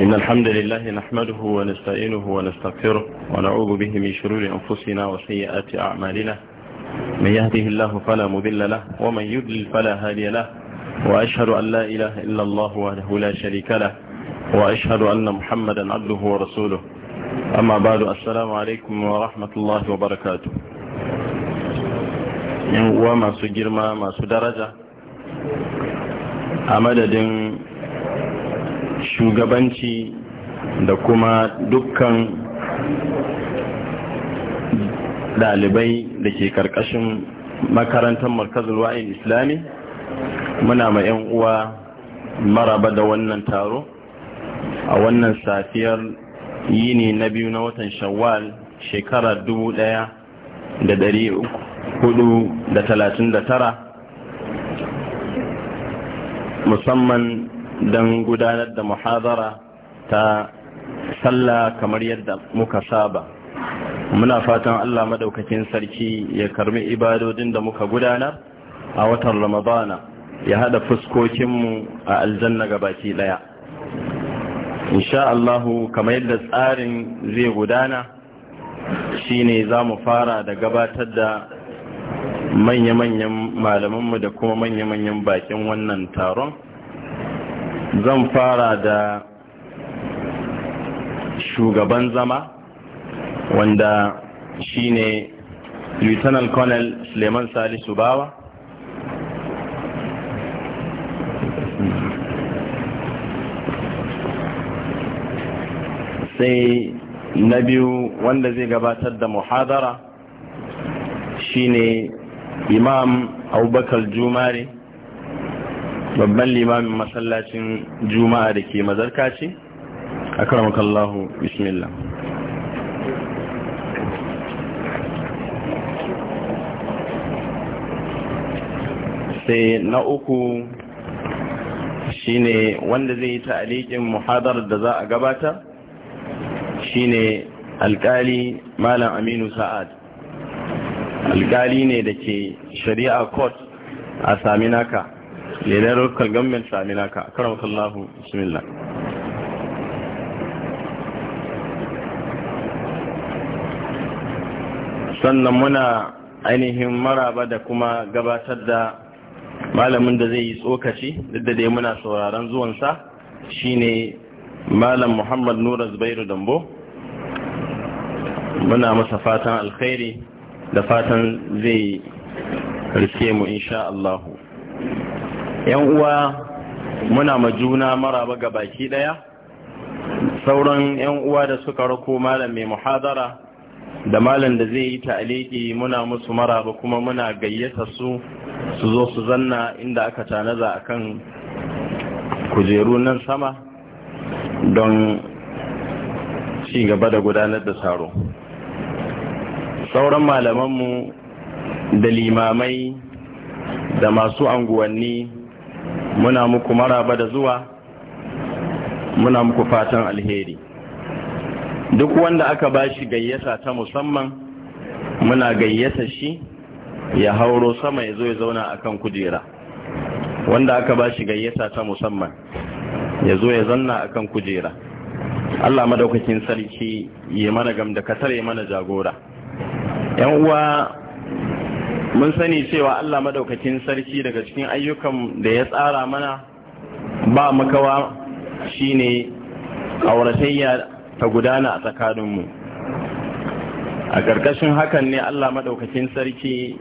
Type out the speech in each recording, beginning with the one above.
إن الحمد لله نحمده ونستعينه ونستغفره ونعوذ به من شرور أنفسنا وسيئات أعمالنا من يهده الله فلا مذل له ومن يدلل فلا هادي له وأشهد أن لا إله إلا الله وحده لا شريك له وأشهد أن محمدا عبده ورسوله أما بعد السلام عليكم ورحمة الله وبركاته وما سجر ما ما سدرجة أمدد shugabanci da kuma dukkan dalibai da ke karkashin makarantar markazin wa'in islami muna ma 'yan uwa maraba da wannan taro a wannan safiyar yini na biyu na watan shawwal shekarar tara, musamman don gudanar da muhazara ta sallah kamar yadda muka saba muna fatan Allah madaukakin sarki ya karmi ibadodin da muka gudanar a watan ramadana ya hada fuskokinmu a aljanna gabaki daya insha Allahu kamar yadda tsarin zai gudana shine za mu fara da gabatar da manya-manyan malamanmu da kuma manya-manyan bakin wannan taron zan fara da shugaban zama wanda shine lieutenant colonel suleiman salisu bawa sai na biyu wanda zai gabatar da muhadara shine imam abubakar jumare babban limamin masallacin juma'a da ke mazarka ce a karamakallahu bismillah sai na uku shine wanda zai yi ta'alikin muhadar da za a gabata shine alkali malam aminu sa'ad alkali ne da ke shari'a court a sami naka. lenar local government saminaka karamakallahu bismillah sannan muna ainihin maraba da kuma gabatar da malamin da zai yi tsokaci duk da dai muna sauraron zuwansa shine malam muhammad nura zubairu dambo muna masa fatan alkhairi da fatan zai rike mu insha allahu yan uwa muna ma juna maraba ga baki ɗaya, sauran yan uwa da suka rako malam mai muhazara da malam da zai yi ta'aliki muna musu maraba kuma muna gayyata su su zo su zanna inda aka tanaza kan kujeru nan sama don ci gaba da gudanar da saro sauran malamanmu da limamai da masu anguwanni muna muku maraba da zuwa muna muku fatan alheri duk wanda aka ba shi gayyata ta musamman muna gayyata shi ya hauro sama ya zo ya zauna a kan kujera wanda aka ba shi gayyata ta musamman ya zo ya zanna a kan kujera Allah madaukakin sarki ya mana gam da katar ya mana jagora yan uwa mun sani cewa Allah madaukakin sarki daga cikin ayyukan da ya tsara mana ba makawa shine auratayya ta gudana a tsakaninmu a ƙarƙashin hakan ne Allah madaukakin sarki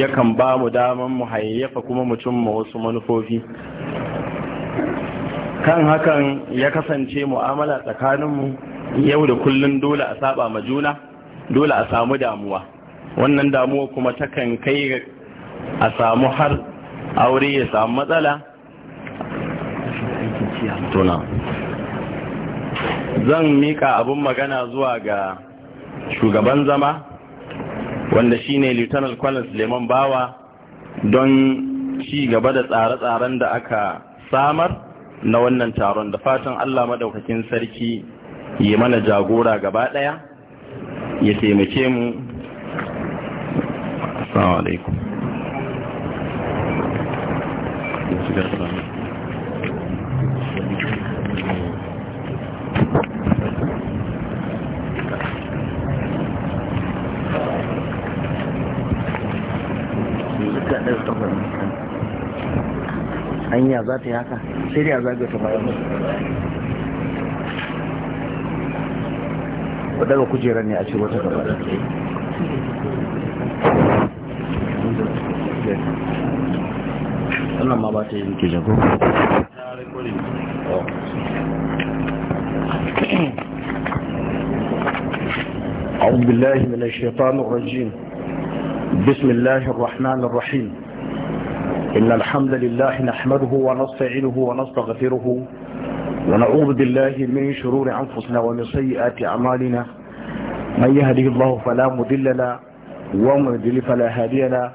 yakan ba mu daman mu hayayyafa kuma mu cimma wasu manufofi kan hakan ya kasance mu'amala tsakaninmu yau da kullum dole a saba ma juna dole a samu damuwa wannan damuwa kuma takan kai a samu har aure ya samu matsala zan mika abin magana zuwa ga shugaban zama wanda shine lieutenant colonel suleiman bawa don ci gaba da tsare-tsaren da aka samar na wannan taron da fatan allah madaukakin sarki yi mana jagora gaba daya ya taimake mu السلام عليكم hanya za ta yi haka sai dai a zaga ta bayan wadda kujerar ne a ce wata gaba da ke ma ba ta yi ke jago أعوذ بالله من الشيطان الرجيم بسم الله الرحمن الرحيم إن الحمد لله نحمده ونستعينه ونستغفره ونعوذ بالله من شرور أنفسنا ومن سيئات أعمالنا من يهده الله فلا مضل له ومن يضلل فلا هادي له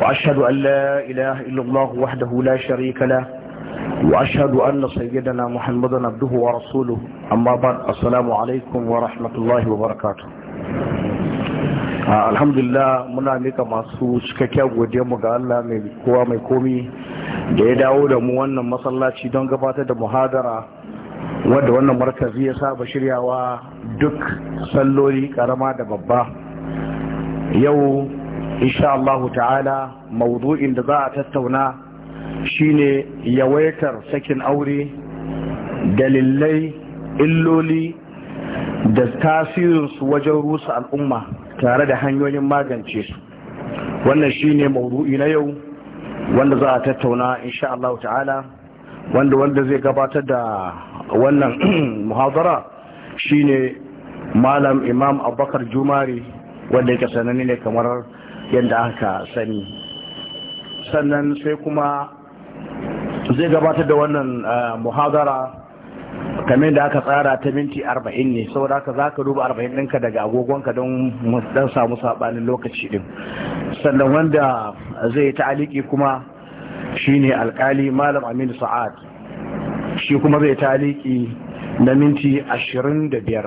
وأشهد أن لا إله إلا الله وحده لا شريك له وأشهد أن سيدنا محمدا عبده ورسوله أما بعد السلام عليكم ورحمة الله وبركاته alhamdulillah muna masu cikakken mu ga Allah mai kowa mai komi da ya dawo da mu wannan masallaci don gabatar da muhadara wadda wannan markazi ya saba shiryawa duk salloli karama da babba yau insha Allah ta'ala maudu'in da za a tattauna shine yawaitar sakin aure dalilai illoli da tasirinsu wajen rusa al'umma tare da hanyoyin magance su wannan shine maudu'i na yau wanda za a tattauna insha Allah ta'ala wanda wanda zai gabatar da wannan muhadara shine malam imam abubakar jumari wanda yake sanani ne kamar yadda aka sani sannan sai kuma zai gabatar da wannan muhazara kamar da aka tsara ta minti arba'in ne saboda aka za ka duba arba'in ɗinka daga agogonka don dan samu saɓanin lokaci ɗin sannan wanda zai ta'aliki kuma shine alkali malam aminu sa'ad shi kuma zai ta'aliki na minti ashirin biyar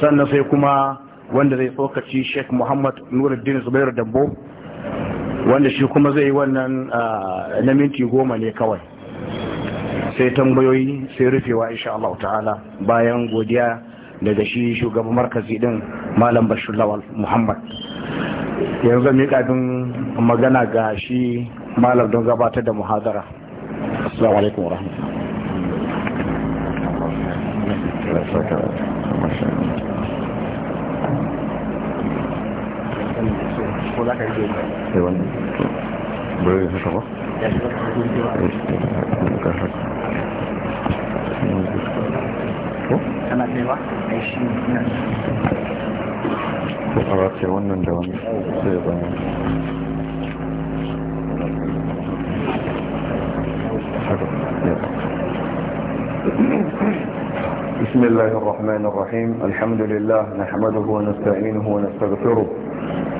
sannan sai kuma wanda zai tsokaci sheikh muhammad nuruddin zubairu dambo wanda shi kuma zai yi wannan na minti goma ne kawai sai tambayoyi sai rufewa insha Allah ta'ala bayan godiya daga shi shugaban markazi din malam bashir lawal muhammad yanzu mai kafin magana ga shi malam don gabatar da muhadara assalamu alaikum warahmatullahi أيوة. بسم الله الرحمن الرحيم الحمد لله نحمده ونستعينه ونستغفره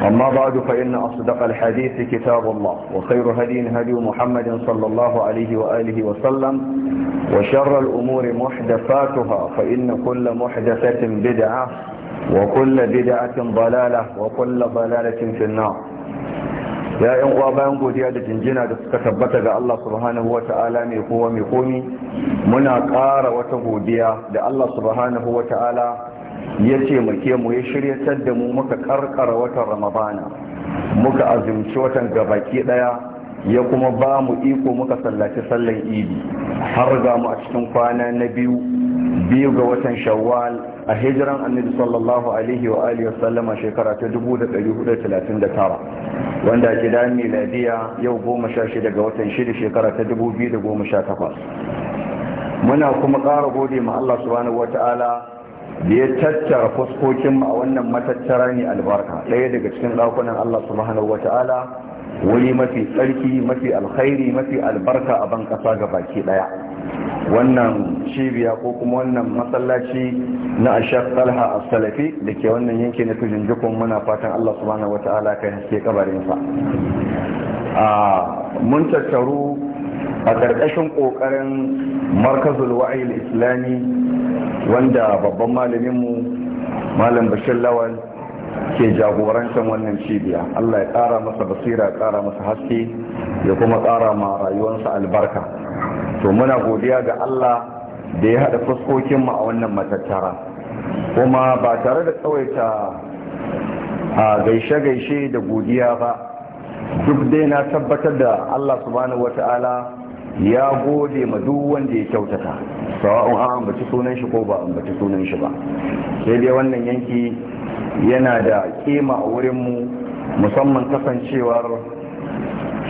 أما بعد فإن أصدق الحديث كتاب الله وخير هدي هدي محمد صلى الله عليه وآله وسلم وشر الأمور محدثاتها فإن كل محدثة بدعة وكل بدعة ضلالة وكل ضلالة في النار يا إن وابان قديادة جنة تتكتبت الله سبحانه وتعالى ميقوم يقومي منا قار وتهوديا لألا سبحانه وتعالى ya taimake mu ya shiryatar da mu muka karkara watan ramadana muka azumci watan gabaki daya ya kuma ba mu iko muka sallaci sallan idi har ga mu a cikin kwana na biyu biyu ga watan shawwal a hijiran annabi sallallahu alaihi wa alihi wasallama shekara ta 1439 wanda ke da miladiya yau 16 ga watan 6 shekara ta 2018 muna kuma ƙara gode ma Allah subhanahu wataala da ya tattara fuskokin a wannan matattara ne albarka ɗaya daga cikin ɗakunan Allah subhanahu wa ta'ala wani mafi tsarki mafi alkhairi mafi albarka a ban ƙasa ga baki ɗaya wannan cibiya ko kuma wannan masallaci na ashar talha a salafi da ke wannan yanki na tujin jikun muna fatan Allah subhanahu wa ta'ala kan haske kabarinsa ah, mun tattaru a ƙarƙashin ƙoƙarin markazul wa'ayil islami wanda babban malaminmu malam bashir lawal ke jagorancin wannan cibiya allah ya ƙara masa basira ƙara masa haske ya kuma ƙara ma rayuwarsa albarka to muna godiya ga allah da ya haɗa fuskokinmu a wannan matattara kuma ba tare da tsawaita a gaishe-gaishe da godiya ba duk dai na tabbatar da Allah subhanahu wata'ala ya gode ma duk wanda ya kyautata sawa'un an ambaci sunan shi ko ba ambaci sunan shi ba sai dai wannan yanki yana da kima a wurin mu musamman kasancewar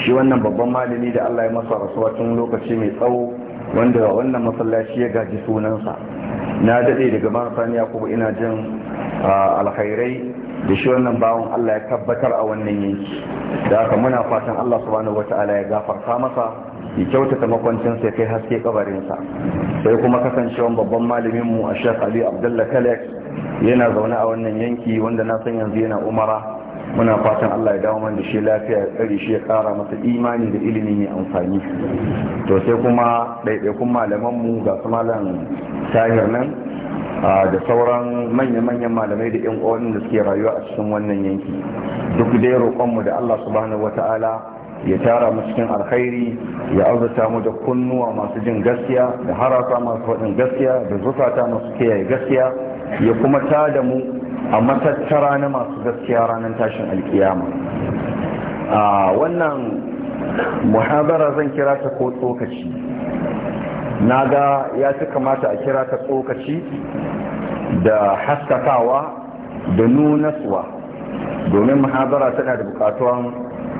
shi wannan babban malami da Allah ya masa rasuwa tun lokaci mai tsawo wanda wannan masallaci ya gaji sunansa na daɗe daga marasa yakubu ina jin ah, alkhairai da shi wannan bawan Allah ya tabbatar a wannan yanki da haka muna fatan Allah subhanahu ala ya gafarta masa ya kyauta ta makwancin ya kai haske kabarinsa sai kuma kasancewan babban malamin mu a Sheikh Ali Abdullah kalek yana zaune a wannan yanki wanda na san yanzu yana umara muna fatan Allah ya dawo man da shi lafiya ya tsare shi ya kara masa imani da ilimi mai amfani to sai kuma ɗaiɗaikun malaman mu ga su malam tahir nan da sauran manya-manyan malamai da yan uwan da suke rayuwa a cikin wannan yanki duk dai roƙonmu da Allah subhanahu wata'ala ya tara mu cikin alkhairi ya azurta mu da kunnuwa masu jin gaskiya da harasa masu faɗin gaskiya da zukata masu kiyaye gaskiya ya kuma ta da mu a matattara na masu gaskiya ranar tashin alkiyama a wannan muhabara zan kira ta ko tsokaci na ga ya fi kamata a kira ta tsokaci da haskakawa da nunaswa domin muhabara tana da bukatuwan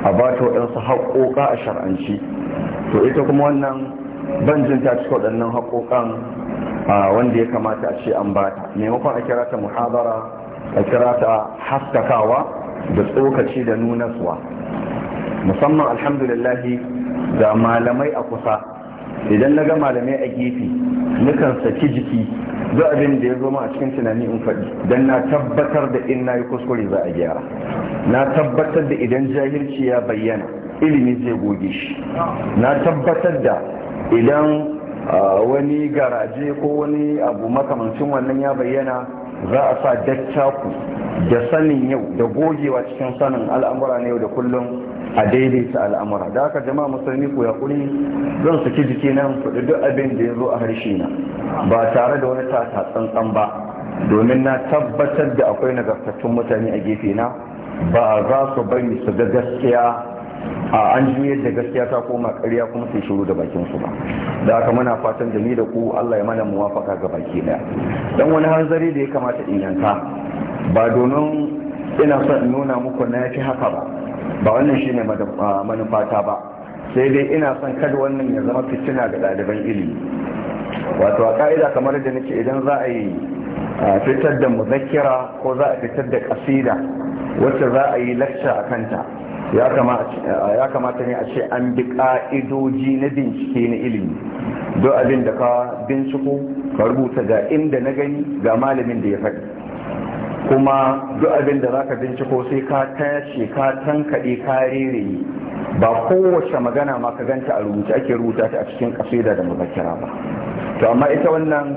a ba ta waɗansu haƙoƙa a shar'anci to ita kuma wannan banjin ta cika waɗannan haƙoƙan wanda ya kamata a ce an ba ta maimakon a kira ta muhabara a kira ta haskakawa da tsokaci da nunaswa musamman alhamdulillahi da malamai a kusa idan na ga malamai a gefe kan saki jiki duk abin da ya zo a cikin tunani in faɗi don na tabbatar da in na yi kuskure za a gyara na tabbatar da idan jahilci ya bayyana ilimi zai goge shi na tabbatar da idan wani garaje ko wani abu makamancin wannan ya bayyana za a sa dattaku da sanin yau da gogewa cikin sanin al'amura na yau da kullum a daidaita al'amura da aka jama'a musulmi ko ya kuri zan saki jiki na kuɗi duk abin da ya zo a harshe na ba tare da wani tata tsantsan ba domin na tabbatar da akwai nagartattun mutane a gefe na ba za su bari su ga gaskiya a an juyar da gaskiya ta koma karya kuma sai shiru da bakin su ba da haka muna fatan da ni da ku Allah ya mana muwafaka ga baki daya dan wani hanzari da ya kamata in yanka ba domin ina son nuna muku na yafi haka ba ba wannan shi ne ah, manufata ba sai dai ina son kada wannan ya zama fitina ga ɗaliban ilimi wato a ka'ida kamar da nake idan za a yi fitar da muzakira ko za a fitar da ƙasida wacce za a yi lakca a kanta ah, ya kamata ne a ce an bi ƙa'idoji na bincike na ilimi don abin da ka binciko ka rubuta ga inda na gani ga malamin da ya faɗi kuma duk abin da zaka binciko sai ka tashi ka tankaɗe ka rereye ba kowace magana ma ka ganta a rubuce ake rubuta ta a cikin kasida da mubakira ba to amma ita wannan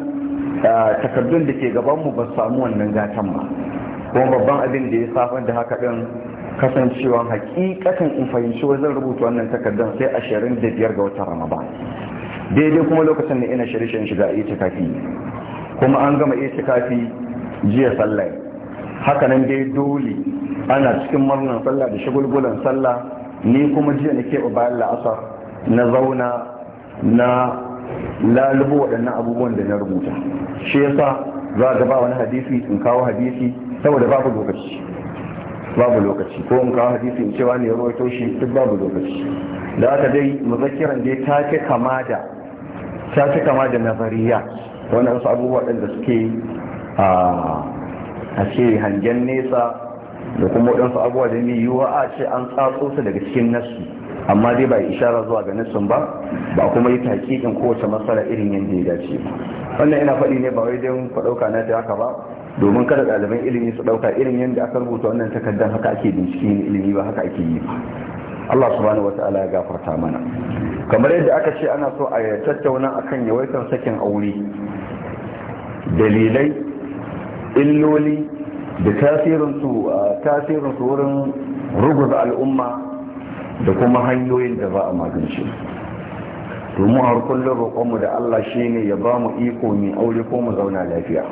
takardun da ke gaban mu ba samu wannan gatan ba kuma babban abin da ya safan da haka din kasancewa hakikatan in fahimci zan rubuta wannan takardun sai ashirin da biyar ga watan ramadan daidai kuma lokacin da ina shirye-shiryen shiga itikafi kuma an gama itikafi jiya sallah hakanan dai dole ana cikin murnar sallah da shagulgulan sallah ni kuma jiya na keɓe bayan la'asar na zauna na lalubo waɗannan abubuwan da na rubuta shi yasa za ga ba wani hadisi in kawo hadisi saboda babu lokaci babu lokaci ko in kawo hadisi in cewa ne ruwaito shi duk babu lokaci da aka dai muzakiran dai take kama da ta kama da nazariya wani wasu abubuwa ɗin da suke a ah, a ce hangen nesa da kuma waɗansu abubuwa da mai yiwuwa a ce an tsatso su daga cikin nasu amma dai ba ishara zuwa ga nassun ba ba kuma yi hakikin kowace matsala irin yadda ya dace wannan ina faɗi ne ba wai don ku ɗauka na da haka ba domin kada ɗaliban ilimi su ɗauka irin yadda aka rubuta wannan takardar haka ake bincike ne ilimi ba haka ake yi Allah subhanahu wata'ala ya gafarta mana kamar yadda aka ce ana so a tattauna akan yawaitar sakin aure dalilai illoli da tasirinsu tasirinsu wurin ruguza al'umma da kuma hanyoyin da ba a magance domin har kullum roƙonmu da Allah shi ne ya ba mu iko mai aure ko mu zauna lafiya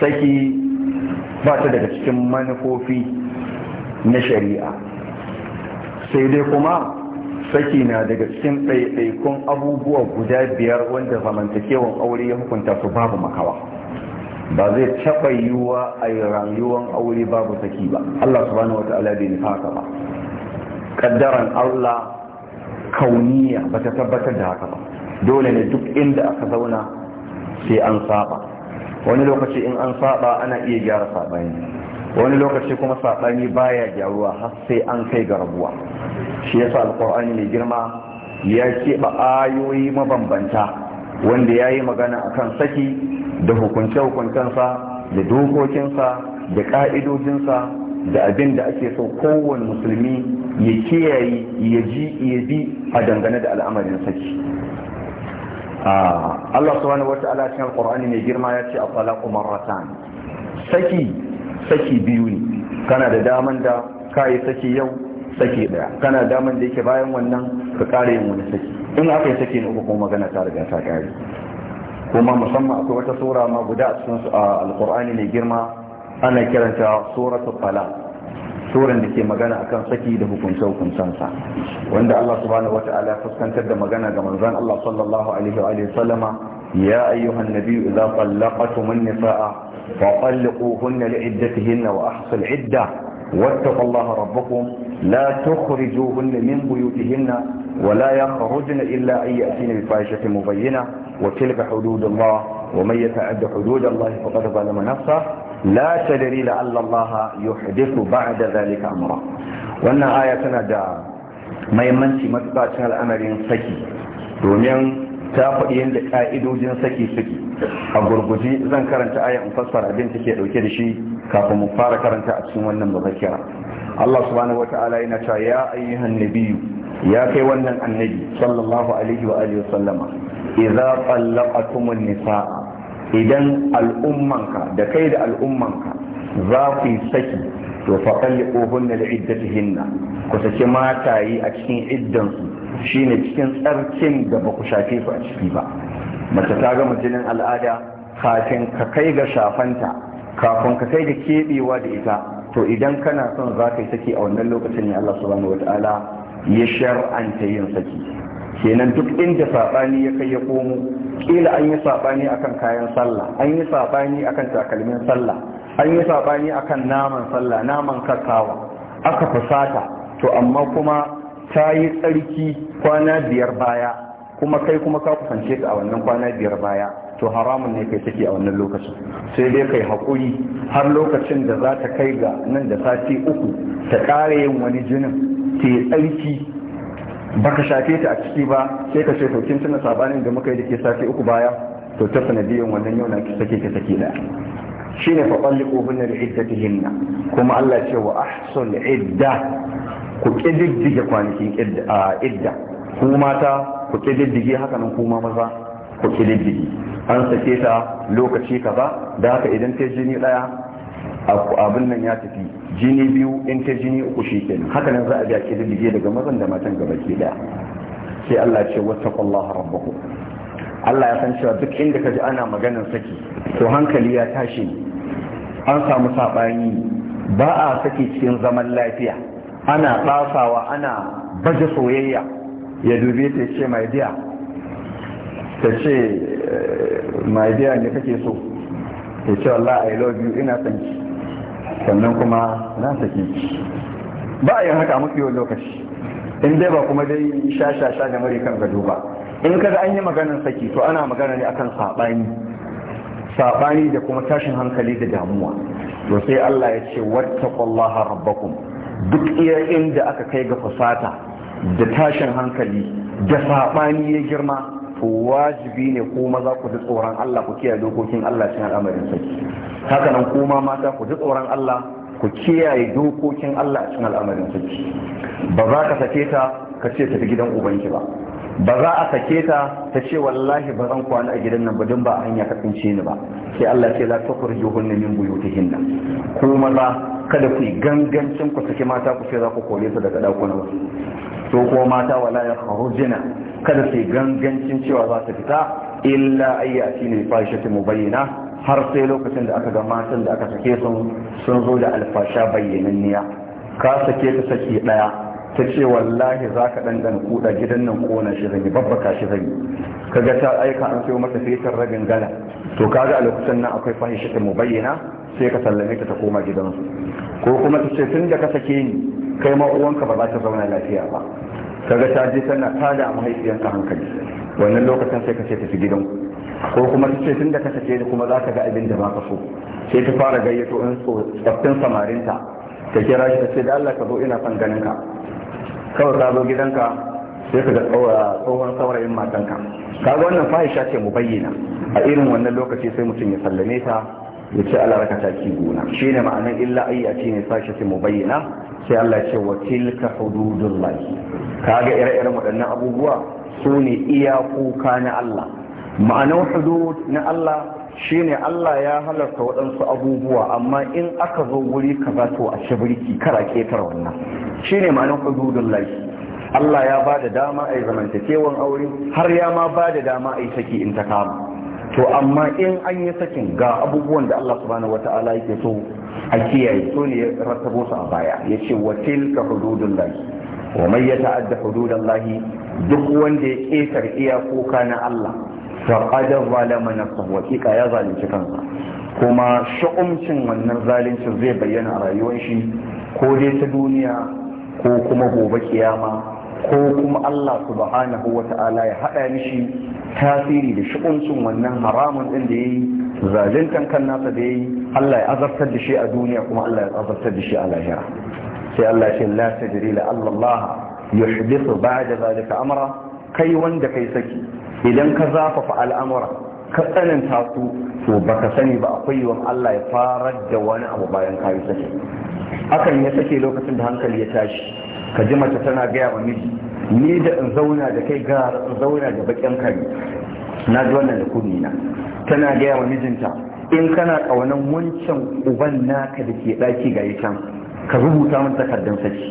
saki ba ta daga cikin manufofi na shari'a sai dai kuma saki na daga cikin ɗaiɗaikun abubuwa guda biyar wanda zamantakewan aure ya hukunta su babu makawa ba zai taɓa yiwuwa a yi rayuwan aure babu saki ba Allah subhanahu wata'ala bai nufa haka ba kaddaran Allah kauniya ba ta tabbatar da haka ba dole ne duk inda aka zauna sai an saba wani lokaci in an saba ana iya gyara sabani wani lokaci kuma sabani baya gyaruwa har sai an kai ga rabuwa shi yasa alqur'ani mai girma ya keɓe ayoyi mabambanta wanda ya yi magana akan saki da hukunce-hukuncensa da dokokinsa da ƙa'idojinsa da abin da ake so kowane musulmi ya kiyaye ya ji ya bi a dangane da al'amarin saki ah, Allah subhanahu wa ta'ala cikin alqur'ani mai girma ya ce at-talaqu saki saki biyu ne kana da daman da kai saki yau saki daya kana daman da yake bayan wannan ka kare yin wani saki in aka yi saki ne uku kuma magana ta riga ta kare kuma musamman akwai wata sura ma guda a cikin alkur'ani mai girma ana kiranta suratul talaq suran da ke magana akan saki da hukunce hukuncensa wanda Allah subhanahu wata'ala ya fuskantar da magana ga manzon Allah sallallahu alaihi wa alihi sallama ya ayyuhan nabiyyu idza tallaqtum nisaa fa talliquhunna li iddatihinna wa ahsul idda واتقوا الله ربكم لا تخرجوهن من بيوتهن ولا يخرجن إلا أن يأتين بفاحشة مبينة وتلك حدود الله ومن يتعد حدود الله فقد ظلم نفسه لا تدري لعل الله يحدث بعد ذلك أمرا وأن آياتنا دا ما يمنشي متبعش الأمر سكي دومين ta faɗi yadda ƙa'idojin saki-saki a gurguji zan karanta aya in fassara abin take ɗauke da shi kafin mu fara karanta a cikin wannan muzakkira Allah subhanahu wata'ala yana cewa ya ayyuhan nabiyyu ya kai wannan annabi sallallahu alaihi wa alihi sallama idza talaqatumun nisaa idan al'ummanka da kai da al'ummanka za ku yi saki to fa talliquhunna li'iddatihinna ku saki yi a cikin su shine cikin tsarkin da ba ku shafe su a ciki ba mace ta ga jinin al'ada kafin ka kai ga shafanta kafin ka kai da kebewa da ita to idan kana son za ka yi saki a wannan lokacin ne Allah subhanahu ta'ala ya shar'anta yin saki kenan duk inda saɓani ya kai ya komo kila an yi sabani akan kayan sallah an yi sabani akan takalmin sallah an yi saɓani akan naman sallah naman kakawa aka fusata to amma kuma ta yi tsarki kwana biyar baya kuma kai kuma ka kusance ta a wannan kwana biyar baya to haramun ne kai take a wannan lokacin sai dai kai hakuri har lokacin da za ta kai ga nan da sati uku ta ƙara yin wani jinin ta yi tsarki baka shafe ta a ciki ba sai ka ce to kin tuna sabanin da muka yi da ke sati uku baya to ta biyan wannan yau na ki sake ki sake da ne fa qalliqu hunna ta hinna kuma Allah ce wa ahsul idda ku ƙididdige kwanakin idda kuma mata ku ƙididdige haka nan kuma maza ku kididdige an sake ta lokaci ba da haka idan ta jini daya abin nan ya tafi jini biyu in ta jini uku shi kenan haka nan za a ga kididdige daga mazan da matan gaba ke daya sai Allah ya ce wattaqullaha rabbakum Allah ya san cewa duk inda ka ji ana maganar saki to hankali ya tashi an samu saɓani ba a saki cikin zaman lafiya ana tsafawa ana baje soyayya ya dube ta ce mai diya ta ce eh, my ne kake so ta ce Allah I love you ina son ki sannan kuma na sake ki ba a yin haka mafi yau lokaci in dai ba kuma dai sha sha sha da mari kan gado ba in kaga an yi maganar saki to ana magana ne akan sabani saɓani da kuma tashin hankali da damuwa to sai Allah ya ce wattaqullaha rabbakum duk iya inda aka kai ga fasata da tashin hankali da saɓani ya girma to wajibi ne ko maza ku ji tsoron Allah ku kiyaye dokokin Allah cikin al'amarin sai haka nan kuma mata ku ji tsoron Allah ku kiyaye dokokin Allah cikin al'amarin sai ba za ka sake ta ka ce tafi gidan ubanki ba ba za a sake ta ta ce wallahi ba zan kwana a gidan nan ba don ba a hanya ka tsince ni ba sai Allah ce la tukhruju hunna min buyutihinna ku maza kada ku gangancin ku sake mata ku ce za ku kore su daga dakunan su to ko mata wala ya kharujina kada sai gangancin cewa za ta fita illa ayyati ne fahishatu bayyana har sai lokacin da aka ga matan da aka sake sun sun zo da alfasha bayyananniya ka sake ta saki daya ta ce wallahi za ka ɗanɗan kuɗa gidan nan kona shi zanyi babbaka shi zanyi kaga ta aika an sayo mata fetar ragin gala to kaga a lokacin nan akwai ta bayyana sai ka sallame ta ta koma gidansu ko kuma ta ce tun da ka sake ni kai ma uwanka ba za ta zauna lafiya ba kaga ta je tana tada mahaifiyarka hankali wannan lokacin sai ka ce ta gidan ko kuma ta ce tun da ka sake ni kuma za ka ga abin da ba ka so sai ta fara gayyato in so tsaftin samarinta ta kira shi ta ce da Allah ka zo ina son ganin ka kawai ka zo gidanka sai ka ga tsohon saurayin matanka kaga wannan fahisha ce mu bayyana a irin wannan lokaci sai mutum ya sallame ta ya ce Allah raka ki gona shi ne ma'anar illa ayya ne sashi sai mu bayyana sai Allah ce wa tilka hududullahi kaga ire-iren waɗannan abubuwa su ne iyakuka na Allah ma'anar hudud na Allah shi ne Allah ya halarta waɗansu abubuwa amma in aka zo wuri ka za to a shibirki kara ketar wannan shi ne ma'anar hududullahi Allah ya ba da dama a yi zamantakewan aure har ya ma ba da dama a yi saki in ta kama to amma in an yi sakin ga abubuwan da Allah subhanahu wata'ala yake so a kiyaye so ne ya rattabo su a baya ya ce wa tilka hududun lahi wa man ya ta'adda hududan lahi duk wanda ya ƙetar iyakoka na Allah faqad zalama nafsahu haqiqa ya zalunci kansa kuma sha'umcin wannan zaluncin zai bayyana a rayuwar shi ko dai ta duniya ko kuma gobe kiyama ko kuma Allah subhanahu wa ta'ala ya haɗa mishi tasiri da shi'uncin wannan haramun ɗin da ya yi zalintan kan nasa da ya yi Allah ya azabtar da shi a duniya kuma Allah ya azabtar da shi a lahira sai Allah ya ce la tajri la Allah yuhdithu ba'da zalika amra kai wanda kai saki idan ka zafafa al'amura ka tsananta su to baka sani ba akwai wa Allah ya farar da wani abu bayan kayi saki hakan ya sake lokacin da hankali ya tashi ka ji mace tana gaya wa miji ni da in zauna da kai ga in zauna da bakin kare na ji wannan da kuni na tana gaya wa mijinta in kana kaunan wancan uban naka da ke daki ga can ka rubuta min takardar saki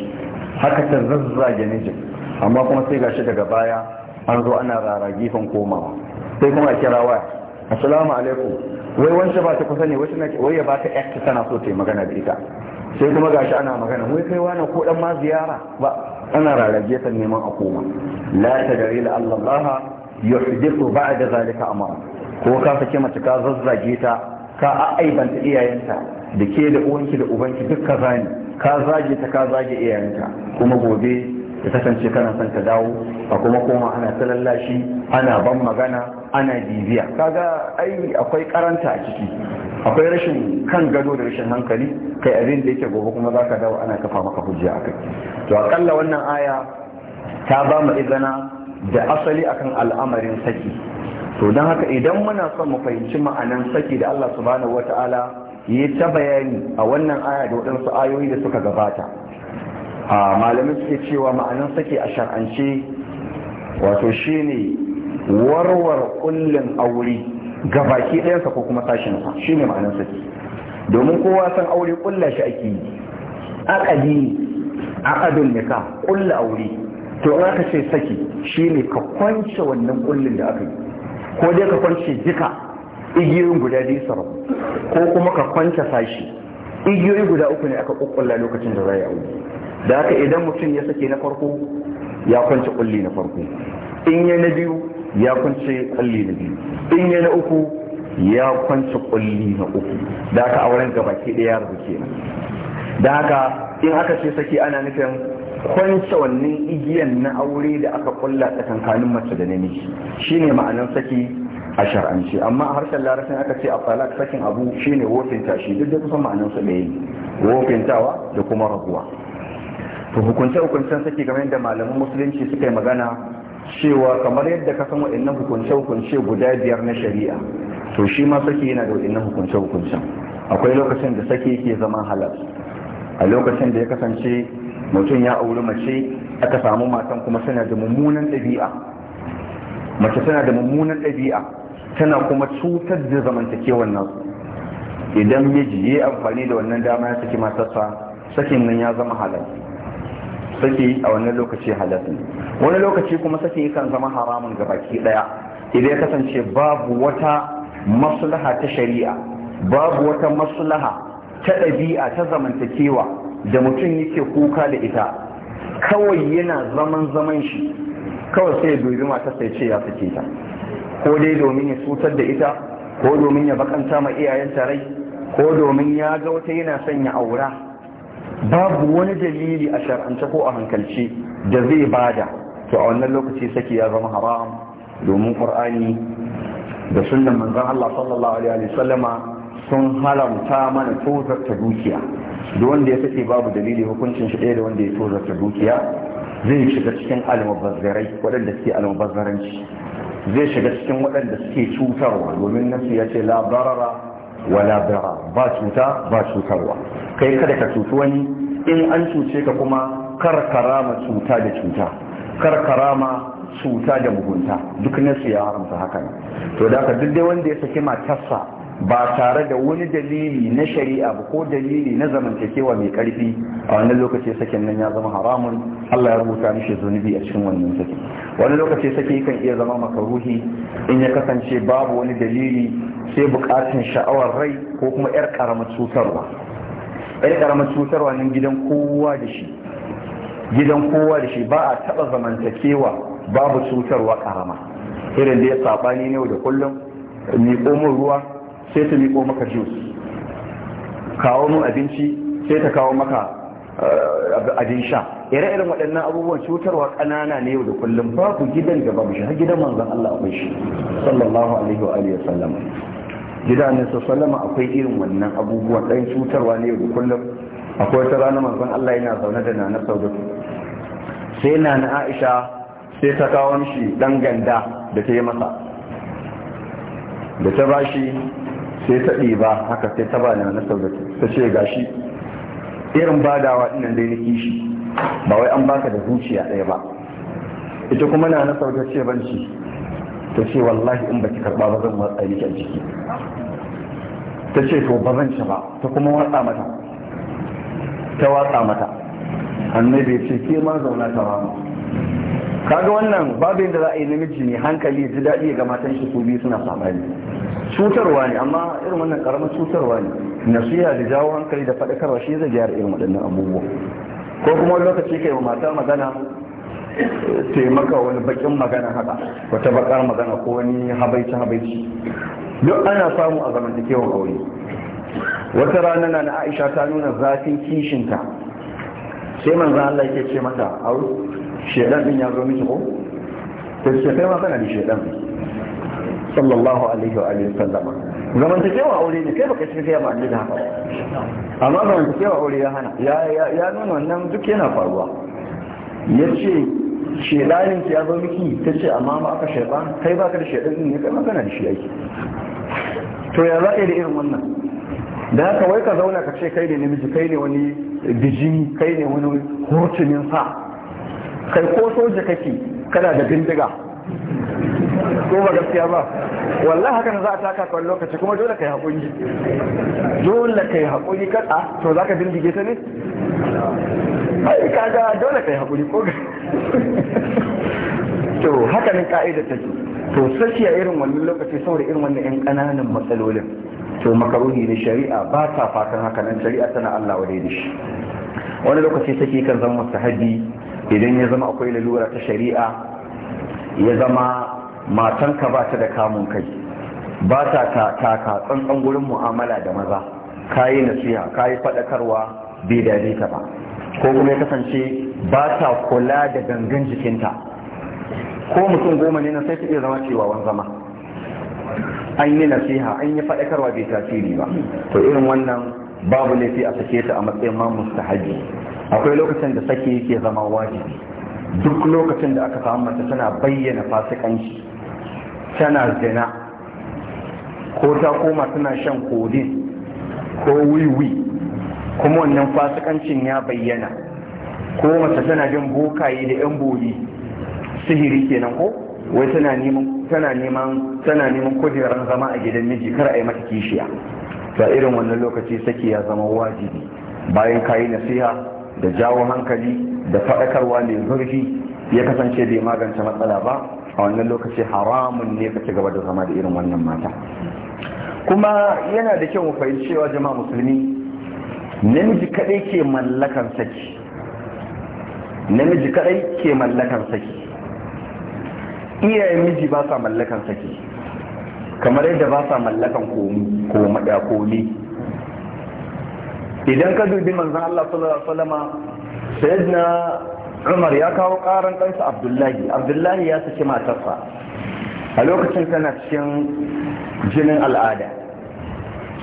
haka ta zazzage mijin amma kuma sai gashi daga baya an zo ana rara gefen komawa sai kuma a kira waya assalamu alaikum wai wancan ba ta kusa ne wai ya ba ta yakta tana so ta yi magana da ita sai kuma gashi ana magana wai kai wani ko dan ma ziyara ba ana rarrage ta neman a koma la ta dare la ba yuhdithu ba'da zalika amara ko ka sake mace ka zazzage ta ka aibanta iyayenta da ke da uwanki da ubanki duk ka zani ka zage ta ka zage iyayenta kuma gobe ya kasance kana son ta dawo a kuma koma ana ta lallashi ana ban magana ana bibiya kaga ai akwai karanta a ciki akwai rashin kan gado da rashin hankali kai abin da yake gobe kuma zaka dawo ana kafa maka hujja a kai. to akalla wannan aya ta ba mu izana da asali akan al'amarin saki to don haka idan muna son mu fahimci ma'anan saki da Allah subhanahu wataala yi ta bayani a wannan aya da waɗansu ayoyi da suka gabata a malamin suke cewa ma'anin saki a shar'ance wato shine Warwar kullin aure ga baki ɗayansa ko kuma sashinsa shi ne ma'anar saki domin kowa san aure kulla shi ake yi akadi ne nika kulla aure to in aka ce saki shi ne ka kwance wannan kullin da aka yi ko dai ka kwance jika igiyoyin guda biyu rabu ko kuma ka kwance sashi igiyoyi guda uku ne aka kukkulla lokacin da za ya aure da haka idan mutum ya sake na farko ya kwance kulli na farko in ya na biyu ya kwanci kulli na biyu in ya na uku ya kwanci kulli na uku da haka auren ke ɗaya ya rabu kenan da haka in aka ce saki ana nufin kwance wannan igiyan na aure da aka kulla tsakankanin mace da namiji shine ma'anar saki a shar'anci amma a harshen larabcin aka ce a falak sakin abu shine wofin tashi, duk da kusan ma'anar su ɗaya wofintawa da kuma rabuwa to hukunce hukuncen saki game da malaman musulunci suka yi magana cewa kamar yadda ka san waɗannan hukunce-hukunce guda biyar na shari'a to shi ma saki yana da waɗannan hukunce-hukuncen akwai lokacin da saki yake zama halal a lokacin da ya kasance mutum ya auri mace aka samu matan kuma suna da mummunan ɗabi'a mace tana da mummunan ɗabi'a tana kuma cutar da zamantakewar nasu idan miji ya amfani da wannan dama ya saki matarsa sakin nan ya zama halal saki a wannan lokaci halal ne wani lokaci kuma saki kan zama haramun ga baki daya idan ya kasance babu wata maslaha ta shari'a babu wata maslaha ta ɗabi'a ta zamantakewa da mutum yake kuka da ita kawai yana zaman zaman shi kawai sai ya dubi mata sai ce ya sake ta ko dai domin ya cutar da ita ko domin ya bakanta ma iyayen rai ko domin ya ga wata yana son ya aura babu wani dalili a shar'ance ko a hankalci da zai bada to a wannan lokaci saki ya zama haram domin qur'ani da sunnan manzon Allah sallallahu alaihi sallama sun haramta mana ta dukiya duk wanda ya sake babu dalili hukuncin shi ɗaya da wanda ya ta dukiya zai shiga cikin almubazzarai waɗanda suke almubazzaranci zai shiga cikin waɗanda suke cutarwa domin nasu ya ce la wa labarara. ba cuta ba cutarwa kai kada ka cuci wani in an cuce ka kuma karkara ma cuta da cuta karkarama cuta da mugunta duk nasu ya haramta haka ne to da duk dai wanda ya saki matarsa ba tare da wani dalili na shari'a ba ko dalili na zamantakewa mai karfi a wani lokaci sakin nan ya zama haramun Allah ya rubuta mishi zunubi a cikin wannan saki wani lokaci saki kan iya zama makaruhi in ya kasance babu wani dalili sai bukatun sha'awar rai ko kuma yar karamar cutarwa yar karamar cutarwa nan gidan kowa da shi gidan kowa da shi ba a taɓa zamantakewa babu cutarwa karama irin da ya saɓani ne da kullum miƙo min ruwa sai ta miƙo maka jus kawo mun abinci sai ta kawo maka eh, abin sha ire irin waɗannan abubuwan cutarwa ƙanana ne yau da kullum babu gidan da babu shi har gidan manzon Allah akwai shi sallallahu alaihi wa alihi wa sallam nan sallama akwai irin wannan abubuwan ɗan cutarwa ne yau da kullum akwai wata rana manzon Allah yana zaune da nana saudatu sai nana Aisha sai ta kawo mishi dan ganda da ta yi masa da ta bashi sai ta ɗiba haka sai ta ba nana saudatu ta ce gashi irin badawa ina dai na kishi ba wai an baka da zuciya ɗaya ba ita kuma nana saudatu ce ban ci ta ce wallahi in baki karɓa ba zan watsa miki a jiki ta ce to ba zan ci ba ta kuma watsa mata ta watsa mata annabi ce ke ma zauna ta rama kaga wannan babin da za a yi namiji ne hankali ya ji daɗi ga matan shi su biyu suna samari cutarwa ne amma irin wannan karamar cutarwa ne nasiha da jawo hankali da faɗakarwa shi zai gyara irin waɗannan abubuwa ko kuma lokaci kai mata magana taimaka wani bakin magana haka wata bakar magana ko wani habaici habaici duk ana samu a zamantakewar aure wata rana na aisha ta nuna zafin kishinta sai manzo Allah yake ce mata au shedan din ya zo miki ko to ce kai ma kana da shedan sallallahu alaihi wa alihi sallama zaman ta kewa aure ne kai baka shirya ba annabi haka amma zaman ta kewa aure ya hana ya nuna wannan duk yana faruwa yace shedanin ki ya zo miki ta ce amma ma aka shaiban kai baka da shedan ne kai ma kana da shi aiki to ya za da irin wannan da haka wai ka zauna ka ce kai ne namiji kai ne wani bijimi kai ne wani hurtumin sa kai ko soja kake kana da bindiga ko ba gaskiya ba wallahi haka za a taka kawai lokaci kuma dole kai haƙuri dole kai haƙuri kaɗa to za ka bindige ta ne ai kaga dole kai haƙuri ko to haka ne ka'ida take to sashi a irin wannan lokaci saboda irin wannan yan ƙananan matsalolin to makaruhi ne shari'a ba ta fatan haka nan shari'a tana Allah wa da shi wani lokaci take kan zama mustahabi idan ya zama akwai lalura ta shari'a ya zama matan ka ba ta da kamun kai ba ta taka tsantsan gurin mu'amala da maza kayi nasiha kayi fadakarwa bai dame ta ba ko kuma ya kasance ba ta kula da gangan jikinta ko mutum goma ne na sai ta iya zama cewa wani zama an yi nasiha an yi faɗakarwa bai tasiri ba to irin wannan babu ne sai a sake ta a matsayin ma mustahaji akwai lokacin da sake yake zama wajibi duk lokacin da aka samu mata tana bayyana fasikanci tana zina ko ta koma tana shan kodin ko wiwi kuma wannan fasikancin ya bayyana ko mace tana jin bokaye da yan bori sihiri kenan ko wai tana neman tana neman tana neman kujerar zama a gidan miji kar a yi mata kishiya da irin wannan lokaci saki ya zama wajibi bayan kayi nasiha da jawo hankali da faɗakarwa mai zurfi ya kasance bai magance matsala ba a wannan lokaci haramun ne ka ci gaba da zama da irin wannan mata kuma yana da kyau mu fahimci cewa jama'a musulmi namiji kadai ke mallakar saki namiji kadai ke mallakan saki iyayen miji ba sa mallakan sake kamar yadda ba sa mallakan komi idan ka dubi manzan Allah sallallahu alaihi wasallama sayyidina Umar ya kawo karan ɗansa Abdullahi Abdullahi ya saki matarsa a lokacin tana cikin jinin al'ada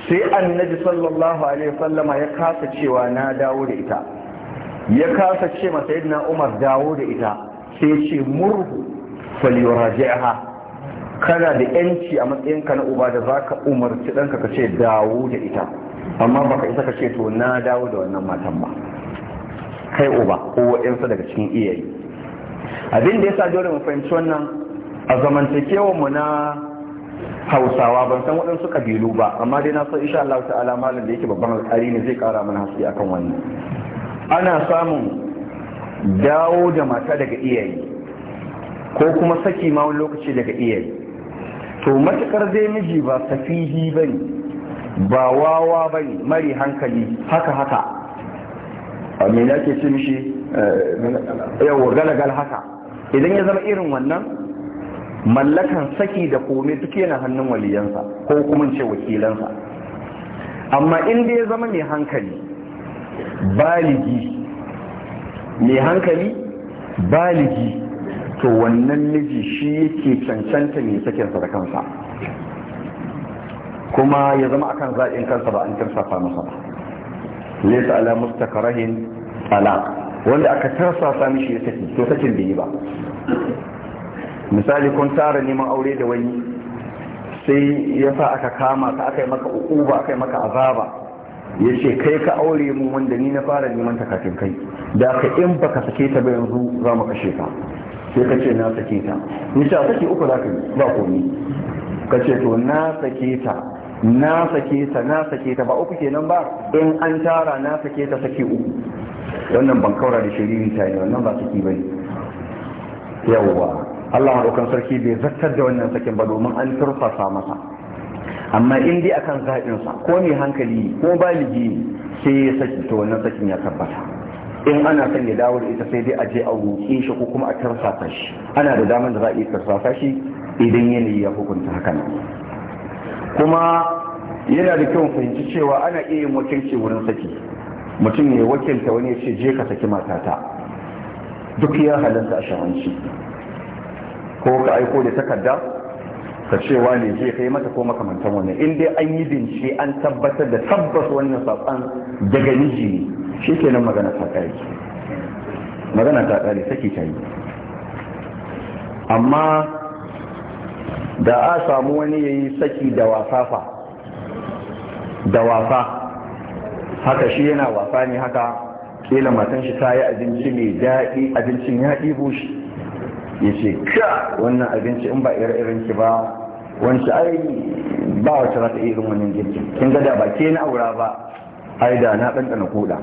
sai annabi sallallahu alaihi wasallama ya kasa cewa na dawo da ita ya kasa ce masa yadda umar dawo da ita sai ce murhu falyuraji'aha kana da yanci a matsayinka na uba da za ka umarci ɗanka ka ce dawo da ita amma baka isa ka ce to na dawo da wannan matan ba kai uba ko waɗansa daga cikin iyaye abin da sa dole mu fahimci wannan a zamantakewa mu na hausawa ban san waɗansu kabilu ba amma dai na san insha Allah ta'ala malam da yake babban alƙali ne zai ƙara mana haske akan wannan ana samun dawo da mata daga iyaye ko kuma saki ma wani lokaci daga iya iyaye to matukar dai miji ba safihi ba ne ba wawa ba ne mari hankali haka haka a me nake ce mishi eh, yawa galagal haka idan ya zama irin wannan mallakan saki da kome duk yana hannun waliyansa ko kuma ce wakilansa amma inda ya zama mai hankali baligi mai hankali baligi to wannan miji shi yake cancanta ne sakinsa da kansa kuma ya zama akan zaɓin kansa ba an tarsafa masa ba laysa ala mustakarahin talaq wanda aka tarsafa mishi ya saki to sakin bai yi ba misali kun tara neman aure da wani sai ya sa aka kama ka aka yi maka uba aka yi maka azaba ya ce kai ka aure mu wanda ni na fara neman kafin kai da ka in baka sake ta ba yanzu za mu kashe ka sai ka ce na sake ta nisa sake uku za ka yi ba komi ka ce to na sake ta na sake ta na sake ta ba uku kenan ba in an tara na sake ta sake uku wannan ban kaura da shiriri ta yi wannan ba saki ba ne yawwa Allah haɗaukan sarki bai zartar da wannan sakin ba domin an turfasa masa amma in dai akan zaɓinsa ko ne hankali ko baligi sai ya saki to wannan sakin ya tabbata in ana son ya dawo da ita sai dai a je a roƙe shi ko kuma a tarsafa shi ana da damar da za a iya tarsafa shi idan yanayi ya hukunta hakan kuma yana da kyau fahimci cewa ana iya yin wakilci wurin saki mutum ya wakilta wani ya ce je ka saki matata duk ya halatta a shawanci ko ka aiko da takarda ka cewa ne je kai mata ko makamantan wannan in dai an yi bincike an tabbatar da tabbas wannan saƙon daga miji ne shi nan magana ta ƙari magana ta ƙari saki ta yi amma da a samu wani ya yi saki da wasafa da wasa haka shi yana wasa ne haka ƙila matan shi ta yi abinci mai daɗi abincin ya ɗibo shi ya ce ka wannan abinci in ba irin ki ba wancan ai ba wacce za ta irin wannan girkin kin ga da ba ke na aura ba Aida na na ɗanɗana koda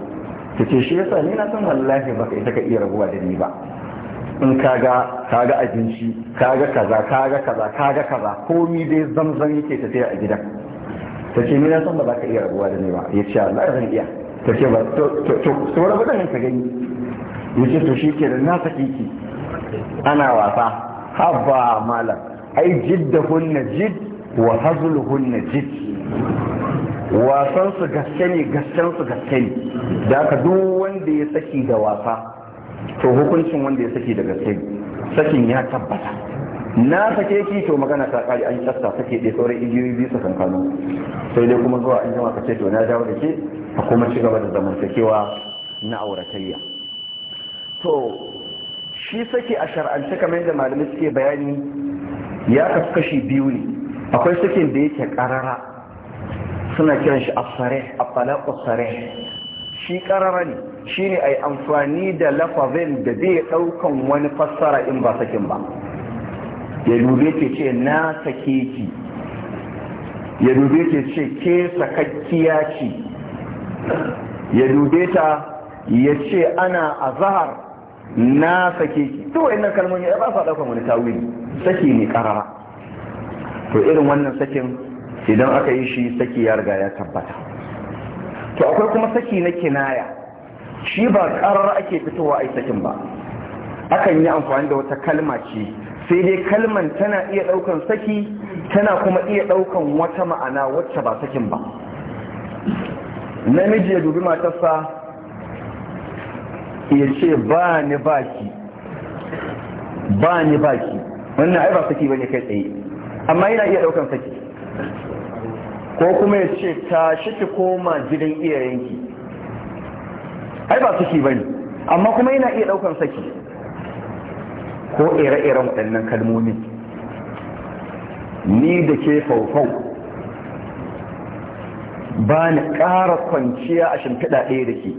ta ce shi yasa ni na san wallahi ba ita ka iya rabuwa da ni ba in kaga kaga abinci kaga kaza kaga kaza kaga kaza komi dai zamzam yake tafiya a gidan ta ce ni na san ba za ka iya rabuwa da ni ba ya ce Allah zan iya ta ce ba to sauran wadannan ka gani ya ce to shi ke da na saki ki ana wasa haba malam ai jidda hunna wa hazul hunna wasan su gaske ne gasken su gaske ne da aka duk wanda ya saki da wasa to hukuncin wanda ya saki da gaske sakin ya tabbata na sake ki to magana ta kare an tsasta sake dai sauran igiyoyi biyu sakan kano sai dai kuma zuwa an jama ka to na dawo da ke a kuma ci gaba da zamantakewa na auratayya to shi sake a shar'ance kamar yadda malamai suke bayani ya kasu kashi biyu ne akwai sakin da yake karara suna kiran shi asare afalaku sare shi karara ne shine ai amfani da lafazin da bai daukan wani fassara in ba sakin ba ya dube ke ce na sake ki ya dube ke ce ke sakakkiya ce ya dube ta ya ce ana azahar na sake ki to wayannan kalmomi ba sa daukan wani tawili saki ne karara to irin wannan sakin idan aka yi shi saki ya riga ya tabbata to akwai kuma saki na kinaya shi ba karar ake fitowa a sakin ba akan yi amfani da wata kalma ce sai dai kalman tana iya daukan saki tana kuma iya daukan wata ma'ana wacce ba sakin ba namiji ya dubi matarsa ya ce ba ni baki ba ni baki wannan ai ba saki bane kai tsaye amma yana iya daukan saki ko kuma ya ce tashi ki koma gidan iyayenki ai ba saki bane amma kuma yana iya daukan saki ko ire-iren waɗannan kalmomi ni da ke faufau ba ni ƙara kwanciya a shimfiɗa ɗaya da ke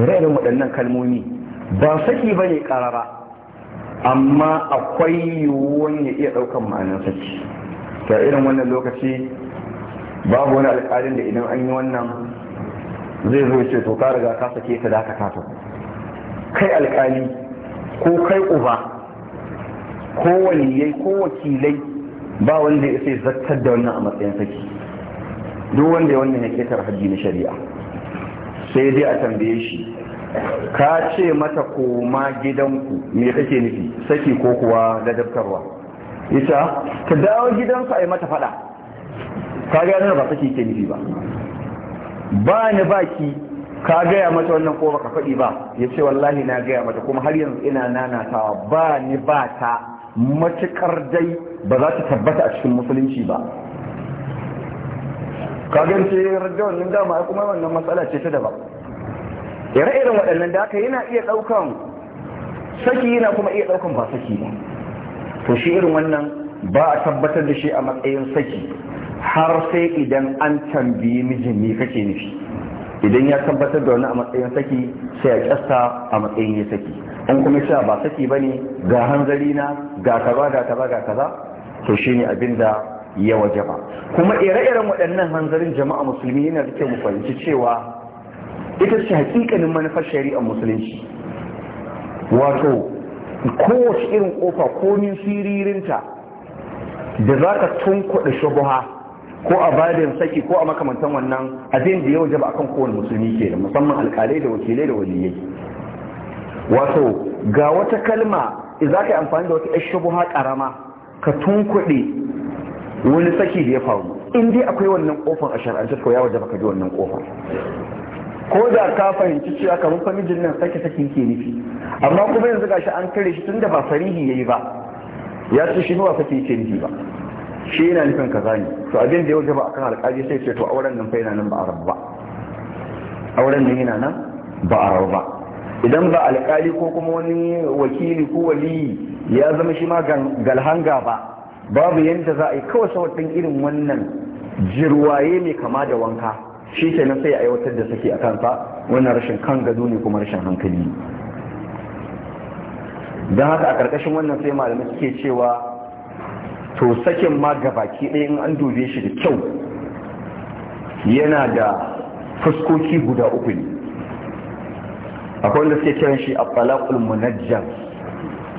ire-iren waɗannan kalmomi ba saki ba ne ƙarara amma akwai yiwuwan ya iya ɗaukan ma'anar saki ta irin wannan lokaci babu wani alƙalin da idan an yi wannan zai zo ce to ka riga ka sake ta da ka kai alƙali ko kai uba ko waliyai ko wakilai ba wanda ya sai zartar da wannan a matsayin saki duk wanda ya wannan ya ketar hajji na shari'a sai dai a tambaye shi ka ce mata koma gidanku me kake nufi saki ko kuwa dabtarwa? ita ah, ta dawo gidansu a yi mata fada ka ga ba saki ke nufi ba ba ni baki ka gaya mata wannan ko baka faɗi ba ya ce wallahi na gaya mata kuma har yanzu ina nanatawa ba ni ba ta matukar dai ba za ta tabbata a cikin musulunci ba ka gance rajja wannan dama kuma wannan matsala ce ta daban ire-iren waɗannan da aka yana iya ɗaukan saki yana kuma iya ɗaukan ba saki ba to shi irin wannan ba a tabbatar da shi a matsayin saki har sai idan an tambayi mijin ne kake nufi idan ya tabbatar da wani a matsayin saki sai ya kyasta a matsayin ya saki an kuma cewa ba saki bane ga hanzari na ga kaza ga kaza ga kaza to shine abin da ya waje ba, kuma ire-iren waɗannan hanzarin jama'a musulmi yana da kyau mu fahimci cewa ita ce hakikanin manufar shari'ar musulunci wato kowace irin kofa ko min siririnta da za ka tunkuɗa shubuha ko a babin saki ko a makamantan wannan abin da ya waje ba akan kowane musulmi ke da musamman alkalai da wakilai da waliyai wato ga wata kalma za ka yi amfani da wata yar karama ka tunkuɗe wani saki da ya faru in dai akwai wannan kofar a shar'ance ko ya waje ka ji wannan kofar ko da ka fahimci cewa kamar famijin nan saki saki ke nufi amma kuma yanzu gashi an kare shi tun da ba farihi yayi ba ya ce shi ne wa saki ke nufi ba shi yana nufin kaza ne to abin da ya a kan alƙali sai ce to auren nan fa yana nan ba a rabu ba auren nan yana nan ba a rabu ba idan ba alƙali ko kuma wani wakili ko wali ya zama shi ma galhanga ba babu yadda za a yi kawai sautin irin wannan jirwaye mai kama da wanka shi ke na sai a aiwatar da sake a kansa wannan rashin kan gado ne kuma rashin hankali don haka a ƙarƙashin wannan sai malamai suke cewa to sakin ma ga baki ɗaya in an dube shi da kyau yana da fuskoki guda uku ne akwai wanda suke kiran shi a falakul munajjam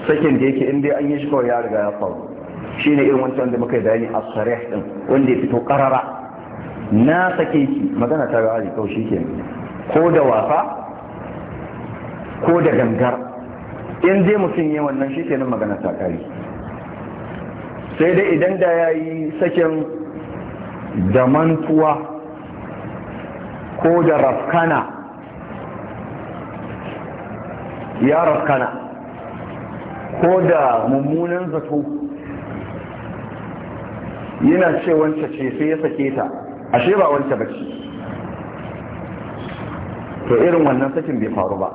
sakin da yake inda an yi shi kawai ya riga ya faru shi ne irin wancan da muka yi bayani a sarih ɗin wanda ya fito ƙarara. na sake shi magana ta ne kawai shi ke ko da wasa ko da gangar in dai mutum yi wannan shi ke nan magana ta kari sai dai idan da ya yi sakin da mantuwa ko da rafkana ya rafkana ko da mummunan zato yana ce wance ce sai ya sake ta ashe ba wance ba ce to irin wannan sakin bai faru ba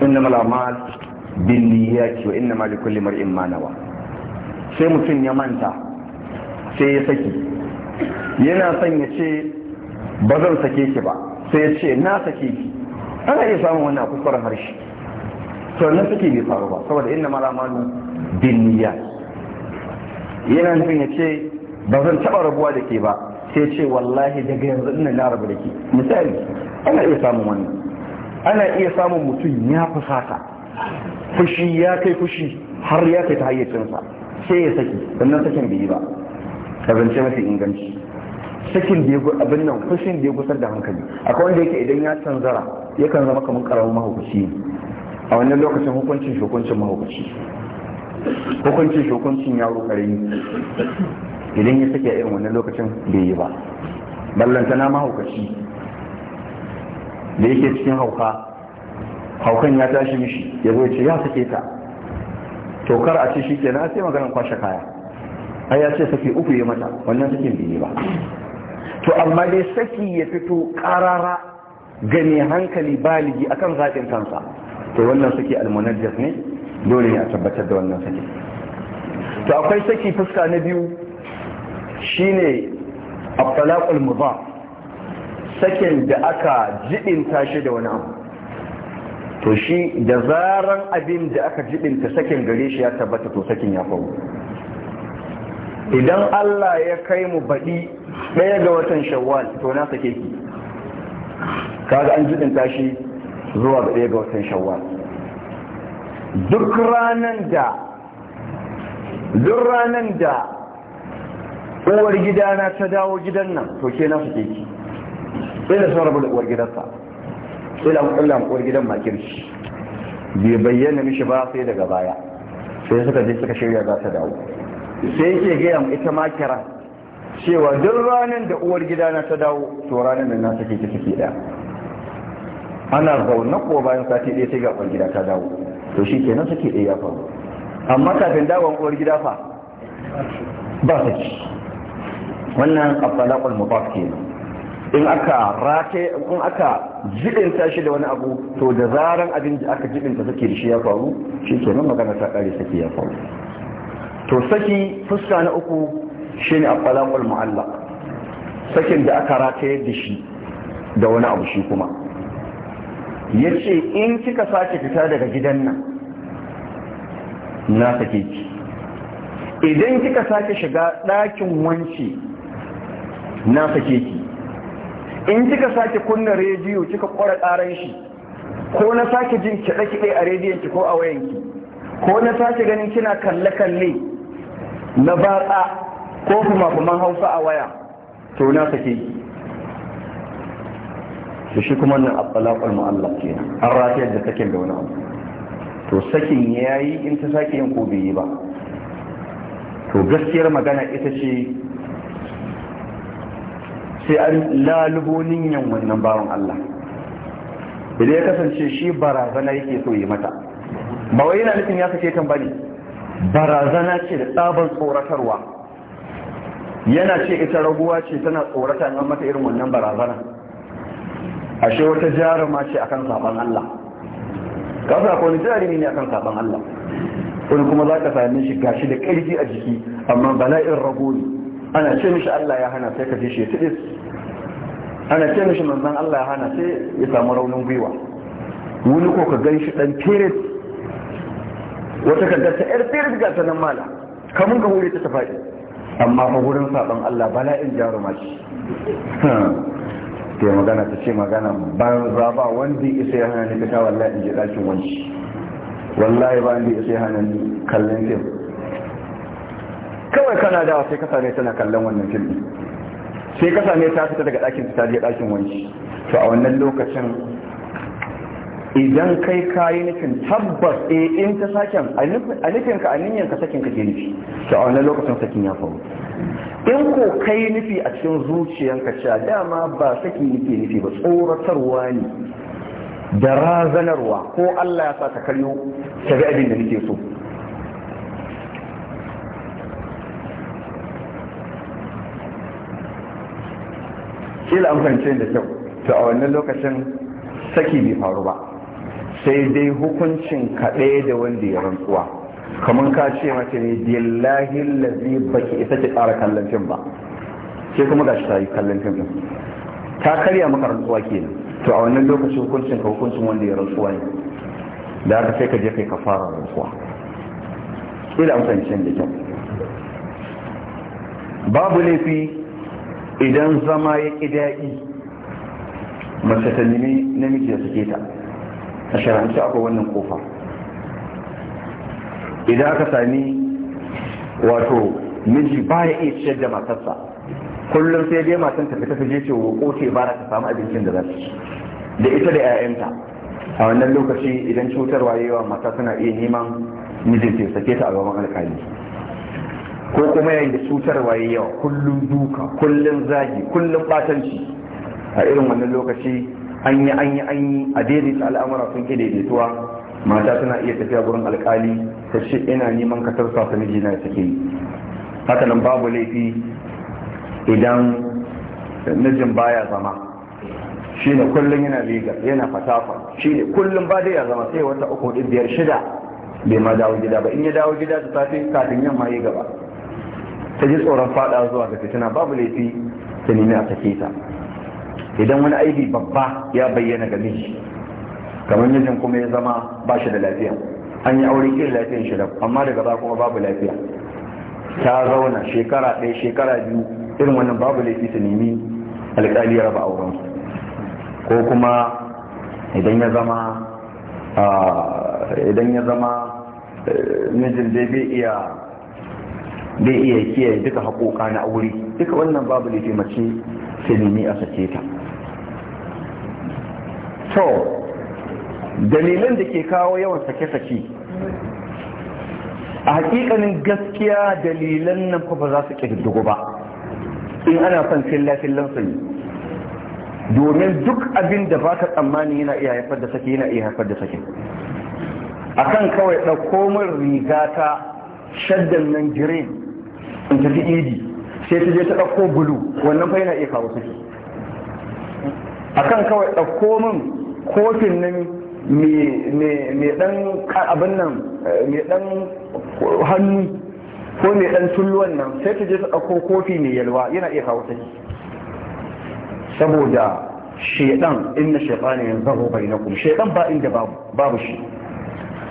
inna malamal bin niyyati wa inna ma likulli ma nawa sai mutum ya manta sai ya saki yana son ya ce ba zan sake ki ba sai ya ce na sake ki ana iya samun wani a kuskuren harshe to na sake bai faru ba saboda inna mala malu bin niyya yana son ya ce ba zan taɓa rabuwa da ke ba sai ce wallahi daga yanzu ina na rabu da ke misali ana iya samun wannan ana iya samun mutum ya fusata fushi ya kai fushi har ya kai ta hayyacinsa sai ya saki sannan sakin bai yi ba kasance mafi inganci sakin da abin nan fushin da ya gusar da hankali akwai wanda yake idan ya canzara yakan zama kamar karamin mahaukaci a wannan lokacin hukuncin shukuncin mahaukaci hukuncin shukuncin ya yaro karami idan ya sake a irin wannan lokacin bai yi ba ballantana mahaukaci da yake cikin hauka haukan ya tashi mishi ya zo ce ya sake ta Tokar a ce shi kenan sai maganin kwashe kaya ai ya ce saki uku yi mata wannan sakin bai ba to amma dai saki ya fito karara ga mai hankali baligi akan zaɓin kansa to wannan saki almunajjaf ne dole ne a tabbatar da wannan saki to akwai saki fuska na biyu shine a talaqul ba. sakin da aka jiɗin shi da wani abu to shi da zaran abin da aka jibinta sakin gare shi ya tabbata to sakin ya faru idan Allah ya kai mu baɗi ɗaya ga watan shawwal to na sake ki kaga an jibinta shi zuwa ga ɗaya ga watan shawwal duk ranan da duk ranan da uwar gidana ta dawo gidan nan to ke na sake ki sai da sauran uwar gidansa ila kullum kuwar gidan makin, bai bayyana mishi ba sai daga baya sai suka je suka shirya za ta dawo sai yake gaya ita ma kira cewa duk ranar da uwar na ta dawo to ranar da na sake ta take da ana zaune ko bayan sati ɗaya sai ga uwar gida ta dawo to shi kenan sake ɗaya ya faru amma kafin dawon uwar gida fa ba ci. wannan abdalakul mubaf kenan in aka rake in aka jibinta shi da wani abu to da zaran abin da aka jibinta sake da shi ya faru shi ke nan magana ta kare sake ya faru to saki fuska na uku shi ne akwalakul mu'allaq sakin da aka rake da shi da wani abu shi kuma ya ce in kika sake fita daga gidan nan na sake ki idan kika sake shiga ɗakin wance na sake ki in kika sake kunna rediyo kika kwara karan shi ko na sake jin kiɗe-kiɗe a rediyon ki ko a wayanki ko na sake ganin kina kalle-kalle na batsa ko kuma kuma hausa a waya to na sake to shi kuma nan abbalaqul mu'allaq ke an ratiyar da sakin da wani abu to sakin yayi in ta sake yin ko bai yi ba to gaskiyar magana ita ce sai an lalubo niyan wannan bawan Allah idan ya kasance shi barazana yake so yi mata ba wai yana nufin ya kace kan bane barazana ce da tsaban tsoratarwa yana ce ita raguwa ce tana tsorata an mata irin wannan barazana ashe wata jaruma ce akan saban Allah kasa ko ni jarumi ne akan saban Allah wani kuma za ka same shi gashi da ƙarfi a jiki amma bala'in rago ne ana ce mishi Allah ya hana sai ka ji shi tidis ana ce mishi manzan Allah ya hana sai ya samu raunin gwiwa wani ko ka gan shi dan tirit wata kan ta yar tirit ga ta nan mala kamun ka hure ta ta faɗi amma fa gurin saban Allah bala'in jaruma shi ke magana ta ce magana banza ba wanda isa ya hana ni fita wallahi in ji ɗakin wanci wallahi ba wanda isa ya hana ni kallon fim kawai kana dawa sai ka same tana kallon wannan filmi sai ka same ta fita daga ɗakin ta je ɗakin wanki to a wannan lokacin idan kai kayi nufin tabbas eh in ta saken a nufin ka a niyyar ka sakin kake nufi to a wannan lokacin sakin ya faru in ko kai nufi a cikin zuciyan ka cewa dama ba saki nufi nufi ba tsoratarwa ne da razanarwa ko Allah ya sa ta karyo ta ga abin da nake so kila an da kyau to a wannan lokacin saki bai faru ba sai dai hukuncin kaɗai da wanda ya rantsuwa kamar ka ce mace ne billahi lazi baki ita ke ƙara kallon fim ba sai kuma ga ta yi kallon fim din ta karya maka rantsuwa kenan to a wannan lokacin hukuncin ka hukuncin wanda ya rantsuwa ne da haka sai ka je kai ka fara rantsuwa ila an da kyau babu laifi idan zama ya ƙi daɗi mace ta nemi namiji da suke ta a sharanci akwai wannan kofa idan aka sami wato miji ba ya iya ciyar da matarsa kullum sai dai matan ta fita ta je ce wa ce bara ta samu abincin da za da ita da 'ya'yanta a wannan lokaci idan cutarwa yawa mata suna iya neman mijin ke sake ta a gaban alkali ko kuma yayin da cutar waye yawa kullum duka kullum zagi kullum batanci a irin wannan lokaci an yi an yi an yi a daidaita al'amura sun ke daidaituwa mata tana iya tafiya gurin alkali ta ce ina neman ka tarsa ta miji na take haka nan babu laifi idan mijin baya zama shi ne kullum yana liga yana fatafa shi ne kullum ba da ya zama sai wata uku biyar shida bai ma dawo gida ba in ya dawo gida da safe kafin yamma ya gaba ta ji tsoron fada zuwa ga fitina babu laifi ta nemi a sake ta idan wani aibi babba ya bayyana ga miji kamar mijin kuma ya zama ba shi da lafiya an yi aure irin lafiyan shi da amma daga ba kuma babu lafiya ta zauna shekara ɗaya shekara biyu irin wannan babu laifi ta nemi alƙali ya raba auren ko kuma idan ya zama ah, idan ya zama eh, mijin dai bai iya bai iya kiyaye duka haƙoƙa na aure duka wannan babu ne mace silimi a sace ta to dalilan da ke kawo yawan sake-sake a hakikanin gaskiya dalilan nan fa ba za su ƙirƙiru ba in ana son filla-fillan sanyi domin duk abin da ba ka tsammani yana iya haifar da sake yana iya haifar da sake akan kawai ɗauko min rigata ta shaddan nan girin in tafi idi sai ta je ta ɗauko bulu wannan fa yana iya kawo a kan kawai ɗauko min kofin nan mai ɗan abin nan eh, mai ɗan hannu ko mai ɗan tulluwan nan sai ta je ta ɗauko kofi mai yalwa yana iya kawo saki saboda shaidan inna bai na kuma shaidan ba inda babu shi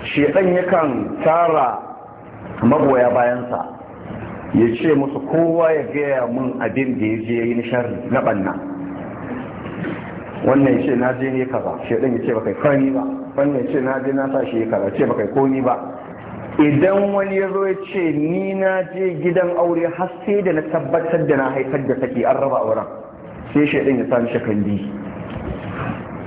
shaidan yakan tara magoya bayansa ya ce musu kowa ya gaya mun abin da ya je yi nishari na banna wannan ya ce na je ne kaza shaidan ya ce baka kani ba wannan ya ce na je na sa shi kaza ce baka koni ba idan wani ya zo ya ce ni na je gidan aure har sai da na tabbatar da na haifar da saki an raba auren sai shaidan ya sa ni shakandi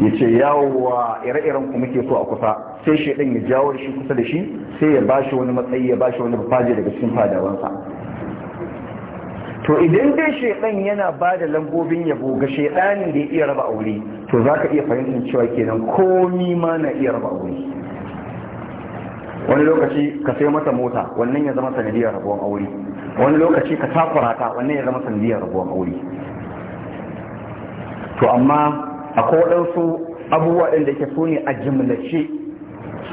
ya ce yawowa ire-iren ku muke so a kusa sai shaidan ya jawo shi kusa da shi sai ya bashi wani matsayi ya bashi wani bafaje daga cikin fadawansa to idan dai shaidan yana ba da lambobin yabo ga shaidanin da ya iya raba aure to za ka iya fahimtar cewa kenan komi ma na iya raba aure wani lokaci ka sai mata mota wannan ya zama sanadiyar rabuwan aure wani lokaci ka takura ta wannan ya zama sanadiyar rabuwan aure to amma akwai waɗansu abubuwa ɗin da ke so ne a jimlace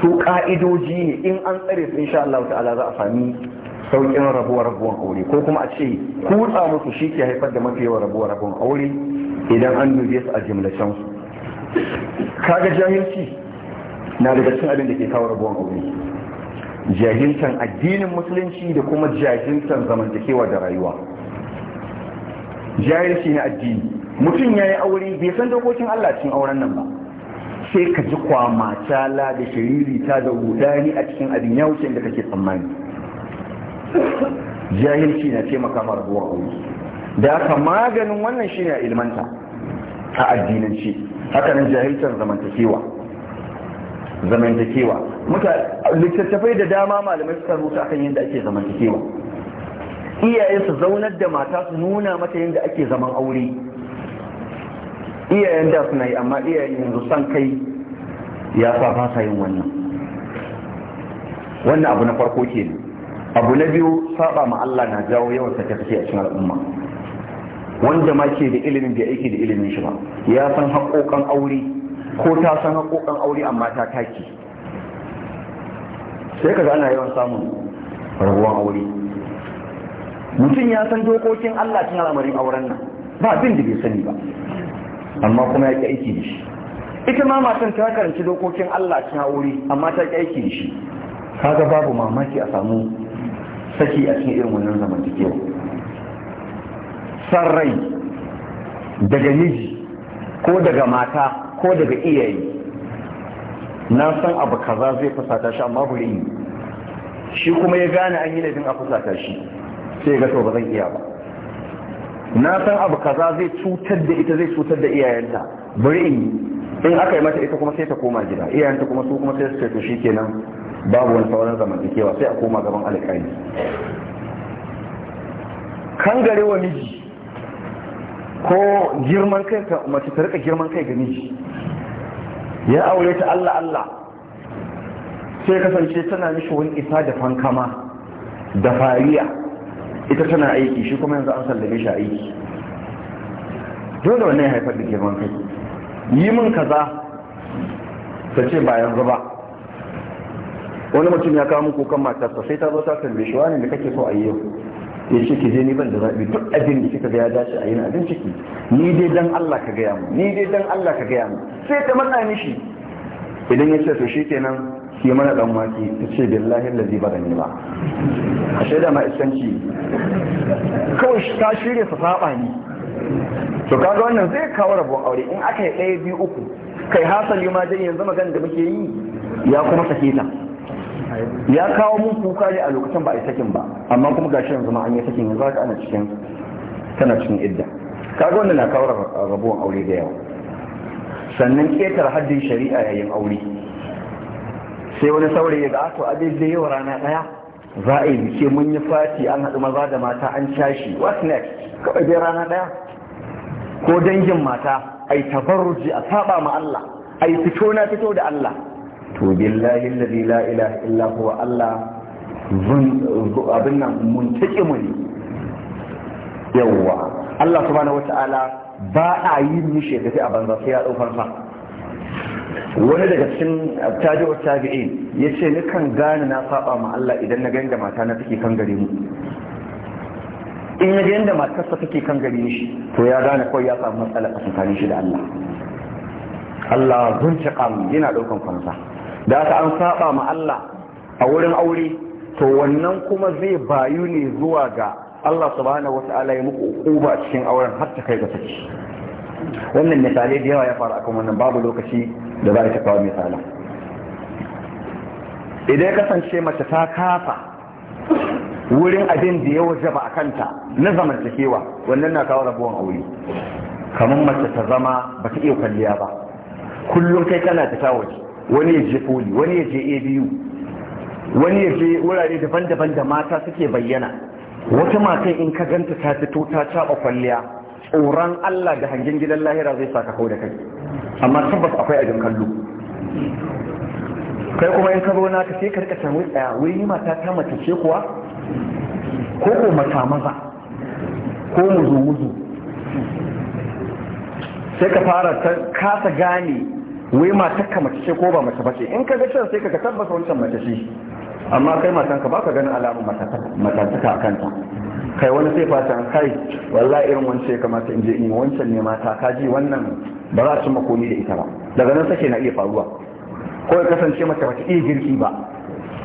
su ka'idoji ne in an tsare su insha Allah ta'ala za a sami saukin rabuwa rabuwan aure ko kuma a ce kutsa musu shi ke haifar da mafi yawan rabuwa rabuwan aure idan an dube su a jimlacen su kaga jahilci na daga cikin abin da ke kawo rabuwan aure jahilcin addinin musulunci da kuma jahilcin zamantakewa da rayuwa jahilci na addini mutum ya yi aure bai san dokokin Allah cikin auren nan ba sai ka ji kwamata la da shiriri ta da rudani a cikin abin ya da kake tsammani jahilci na taimaka ma rabuwar aure da aka maganin wannan shine a ilmanta a addinanci haka nan jahilcin zamantakewa zamantakewa muka littattafai da dama malamai suka rubuta akan yadda ake zamantakewa iyaye su zaunar da mata su nuna mata yadda ake zaman aure iyayen da suna yi amma iyayen yanzu san kai ya sa sa yin wannan wannan abu na farko ke abu na biyu saba ma Allah na jawo yawan sake sake a cikin al'umma wanda ma ke da ilimin bai aiki da ilimin shi ba ya san haƙoƙan aure ko ta san haƙoƙan aure amma ta taki sai kaga ana yawan samun rabuwan aure mutum ya san dokokin Allah cikin al'amarin auren nan ba abin da bai sani ba amma kuma ya ƙi aiki da shi ita ma matan ta karanci dokokin Allah cikin aure amma ta ƙi aiki da shi kaga babu mamaki a samu saki a cikin irin wannan zamantakewa san rai daga miji ko daga mata ko daga iyaye na san abu kaza zai fusata shi amma buri yi shi kuma ya gane an yi laifin a fusata shi sai ga to ba zan iya ba na san abu kaza zai cutar da ita zai cutar da iyayenta buri in in aka yi mata ita kuma sai ta koma gida iyayenta kuma su kuma sai su ce to kenan babu wani sauran zamantakewa sai a koma gaban alƙali kan gare wa miji ko girman kai ka mace ta rika girman kai ga miji ya aure ta Allah Allah sai kasance tana mishi wani isa da fankama da fariya ita tana aiki shi kuma yanzu an sallame shi aiki dole wannan ya haifar da girman kai yi min kaza ta ce ba yanzu ba wani mutum ya kawo muku kan matarsa sai ta zo ta tambaye shi wani da kake so a ya ce ki je ni ban da zaɓi duk abin da kika ga ya dace a yin abin ciki ni dai dan Allah ka gaya mu ni dai dan Allah ka gaya mu sai ta matsa mishi idan ya ce to kenan ki mana dan waki ta ce billahi allazi ba gani ba a shaida ma iskanci kawai ta shirya sa saba ni to kaga wannan zai kawo rabon aure in aka yi ɗaya biyu uku kai hasali ma dai yanzu magana da muke yi ya kuma sake ta ya kawo mun kuka ne a lokacin ba a yi sakin ba amma kuma gashi yanzu ma an yi sakin yanzu haka ana cikin tana cikin idda kaga wannan na kawo rabuwan aure da yawa sannan ketar haddin shari'a yayin aure sai wani saurayi ya ga ato ah, abin da yawa rana daya za a yi bike mun yi fati an haɗu maza da mata an cashi what next kawai dai rana daya ko dangin mata ai tabarruji a saba ma Allah ai fito na fito da Allah to billahi alladhi la ilaha illa huwa Allah abin nan mun take mu ne yawwa Allah subhanahu wata'ala ba a yi mishi tafi a banza sai ya daukar sa wani daga cikin tabi'u ya yace ni kan gane na saba ma Allah idan na ganga mata na take kan gare mu in ya yadda matarsa take kan gare shi to ya gane kawai ya samu matsala a tsakanin shi da Allah Allah zunci kamu yana daukan fansa da aka an saba ma Allah a wurin aure to wannan kuma zai bayu ne zuwa ga Allah subhanahu wata'ala ya muku uba cikin auren har ta kai ga saki wannan misalai da yawa ya faru akan wannan babu lokaci da za ta kawo misalan idan ya kasance mace ta kafa wurin abin da ya wajaba a kanta na zamantakewa wannan na kawo rabuwan aure kamar mace ta zama ba ta iya kwalliya ba kullum kai tana ta waje wani ya je poli wani ya je abu wani ya je wurare daban-daban da mata suke bayyana wata matan in ka ganta ta fito ta caba kwalliya tsoron Allah da hangen gidan lahira zai saka kau da kai amma tabbas akwai ajin kallo kai kuma in ka zo na ka sai ka rika samu tsaya wuri mata ta mace kuwa ko ko mata maza ko muzu muzu sai ka fara ta kasa gane wai mata ka mace ce ko ba mace bace in ka ga shan sai ka tabbata wancan mace ce amma kai matan ka baka ganin alamun matataka a kanta kai wani sai fatan kai wallahi irin wancan ya kamata in je in wancan ne mata ji wannan ba za su makoni da ita ba daga nan sake na iya faruwa ko ya kasance mace mace iya girki ba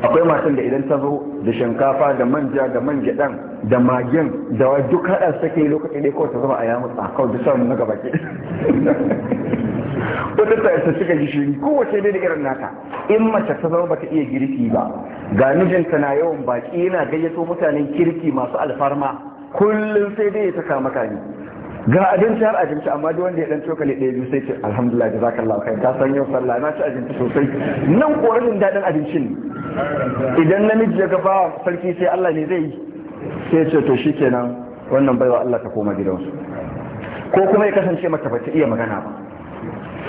akwai matan da idan ta zo da shinkafa da manja da man gyaɗan da magin da duk haɗa sake da ya kawai ta zama a yamu kawai da samun na wata ta suka ji gishiri kowace dai da irin nata in mace ta zama bata iya girki ba ga mijinta na yawan baki yana gayyato mutanen kirki masu alfarma kullum sai dai ya saka maka ne ga abinci har abinci amma duk wanda ya dan cokali ɗaya biyu sai ce alhamdulillah jazakallahu kai". ka san yau sallah na ci abinci sosai nan korafin daɗin abincin idan namiji ya gaba sarki sai Allah ne zai sai ce to shikenan wannan baiwa Allah ta koma gidansu ko kuma ya kasance mata bata iya magana ba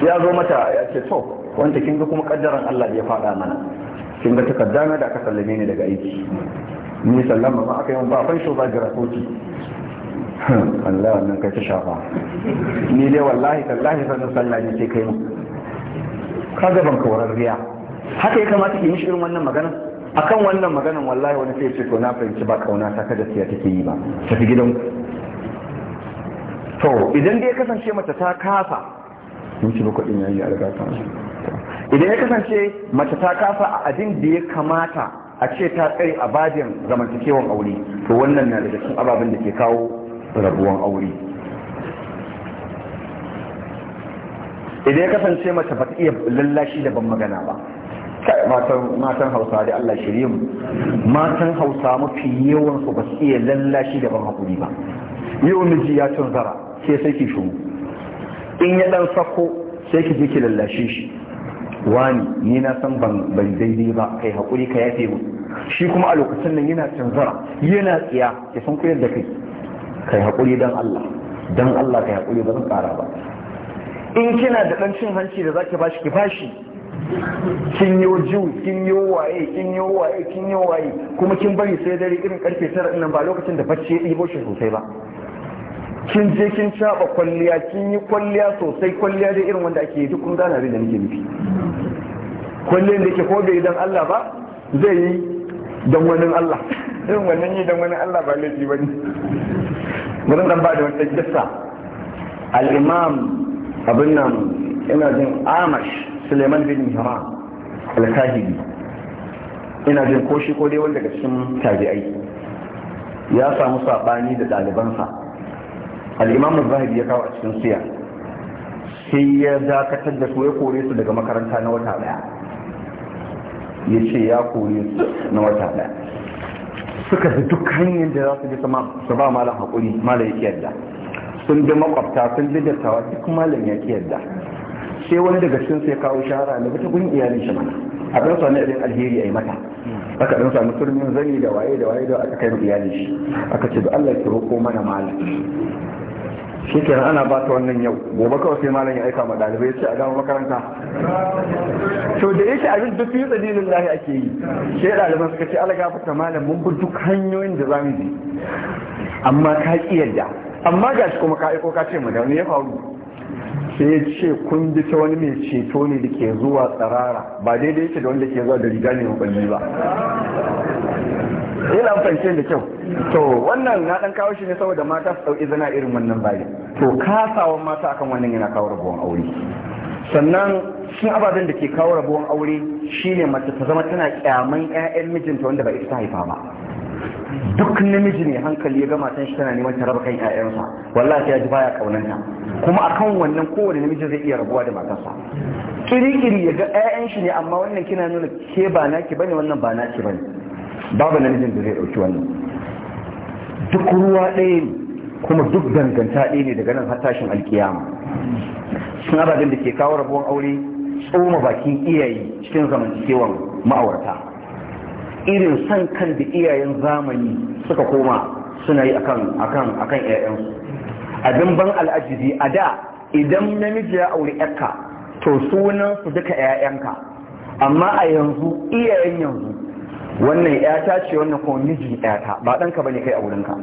ya zo mata ya ce to wanda kin ga kuma kaddaran Allah ya faɗa mana kin ga takarda na da aka sallame ni daga aiki ni sallama ma aka yi ba fa shi ba garafoti Allah wannan kai ta shafa ni dai wallahi tallahi sanin sallah ne ce kai mu ka ga ban kawararriya haka ya kamata ki mishi irin wannan magana akan wannan maganan wallahi wani sai ce to na fahimci ba kauna ta kada siya take yi ba tafi gidan to idan dai kasance mace ta kasa minti bakwai din yayi alga idan ya kasance mace ta kafa a abin da ya kamata a ce ta tsare a bajin zamantakewan aure to wannan na daga cikin ababen da ke kawo rabuwan aure idan ya kasance mace ba ta iya lallashi da ban magana ba matan hausa da Allah shirye mu matan hausa mafi yawan su ba su iya lallashi da ban hakuri ba yau miji ya cin zara sai sai ki shuru in ya dan sako sai ki je ki lallashe shi wani ni na san ban ban daidai ba kai hakuri ka yafe mu shi kuma a lokacin nan yana canzara yana tsiya ya san koyar da kai kai hakuri dan Allah dan Allah kai hakuri ba zan tsara ba in kina da dan cin hanci da zaki bashi ki bashi kin yo jiwu kin yo waye kin yo waye kin yo waye kuma kin bari sai dare irin karfe 9 nan ba lokacin da bacci ya ɗibo shi sosai ba kin je kin caba kwalliya kin yi kwalliya sosai kwalliya da irin wanda ake duk kun gane da nake nufi kwalliya da ke ko bai dan Allah ba zai yi dan wani Allah irin wannan yi dan wani Allah ba laifi bane mun dan ba da wata kissa al-imam abin nan ina jin Amash Suleiman bin hira al kahidi ina jin ko shi ko dai wanda daga cikin tabi'ai ya samu sabani da ɗalibansa al’imam zahiri ya kawo a cikin siya sai ya dakatar da su ya kore su daga makaranta na wata daya ya ce ya kore su na wata daya suka fi duk hanyar da za su bi su ba malam haƙuri malam ya da sun bi makwabta sun bi dattawa duk malam ya da sai wani daga cikin sai kawo shahara da ta gun iyalin shi mana a ɗan sami irin alheri a yi mata aka ɗan sami turmin zani da waye da waye da aka kai iyalin shi aka ce da Allah ki roƙo mana malam shi kenan ana bata wannan yau gobe kawai sai malam ya aika ma dalibai ya ce a gama makaranta to da yake abin duk yi tsadirin lahi ake yi sai ɗaliban suka ce ala gafarta malam mun bi duk hanyoyin da za mu bi amma ka ƙi yadda amma ga shi kuma ka aiko ka ce mu da wani ya faru sai ya ce kun bi ta wani mai ceto ne da ke zuwa tsarara ba daidai yake da wanda ke zuwa da riga ne maballi ba yi fahimce da kyau to wannan na dan kawo shi ne saboda mata su dauki zana irin wannan bayi to kasawan mata akan wannan yana kawo rabuwan aure sannan sun ababen da ke kawo rabuwan aure shine mace ta zama tana kyaman ƴaƴan mijinta wanda ba ita ta haifa ba duk namiji ne hankali ya ga matan shi tana neman ta raba kan ƴaƴansa wallahi ya ji baya kaunanta kuma akan wannan kowane namiji zai iya rabuwa da matarsa kirikiri ya ga ƴaƴan shi ne amma wannan kina nuna ke ba naki bane wannan ba naki bane babu namijin da zai ɗauki wannan duk ruwa ɗaya ne kuma duk danganta ɗaya ne daga nan har tashin alkiyama sun ababen da ke kawo rabuwan aure tsoma bakin iyaye cikin zamantakewan ma'aurata irin san kan da iyayen zamani suka koma suna yi akan 'ya'yansu. Abin ban a a da idan namiji ya auri 'yaka, to sunan su duka 'ya'yanka. amma a yanzu iyayen yanzu wannan ƴata ce wannan kuma miji ƴata ba ɗanka bane kai a wurinka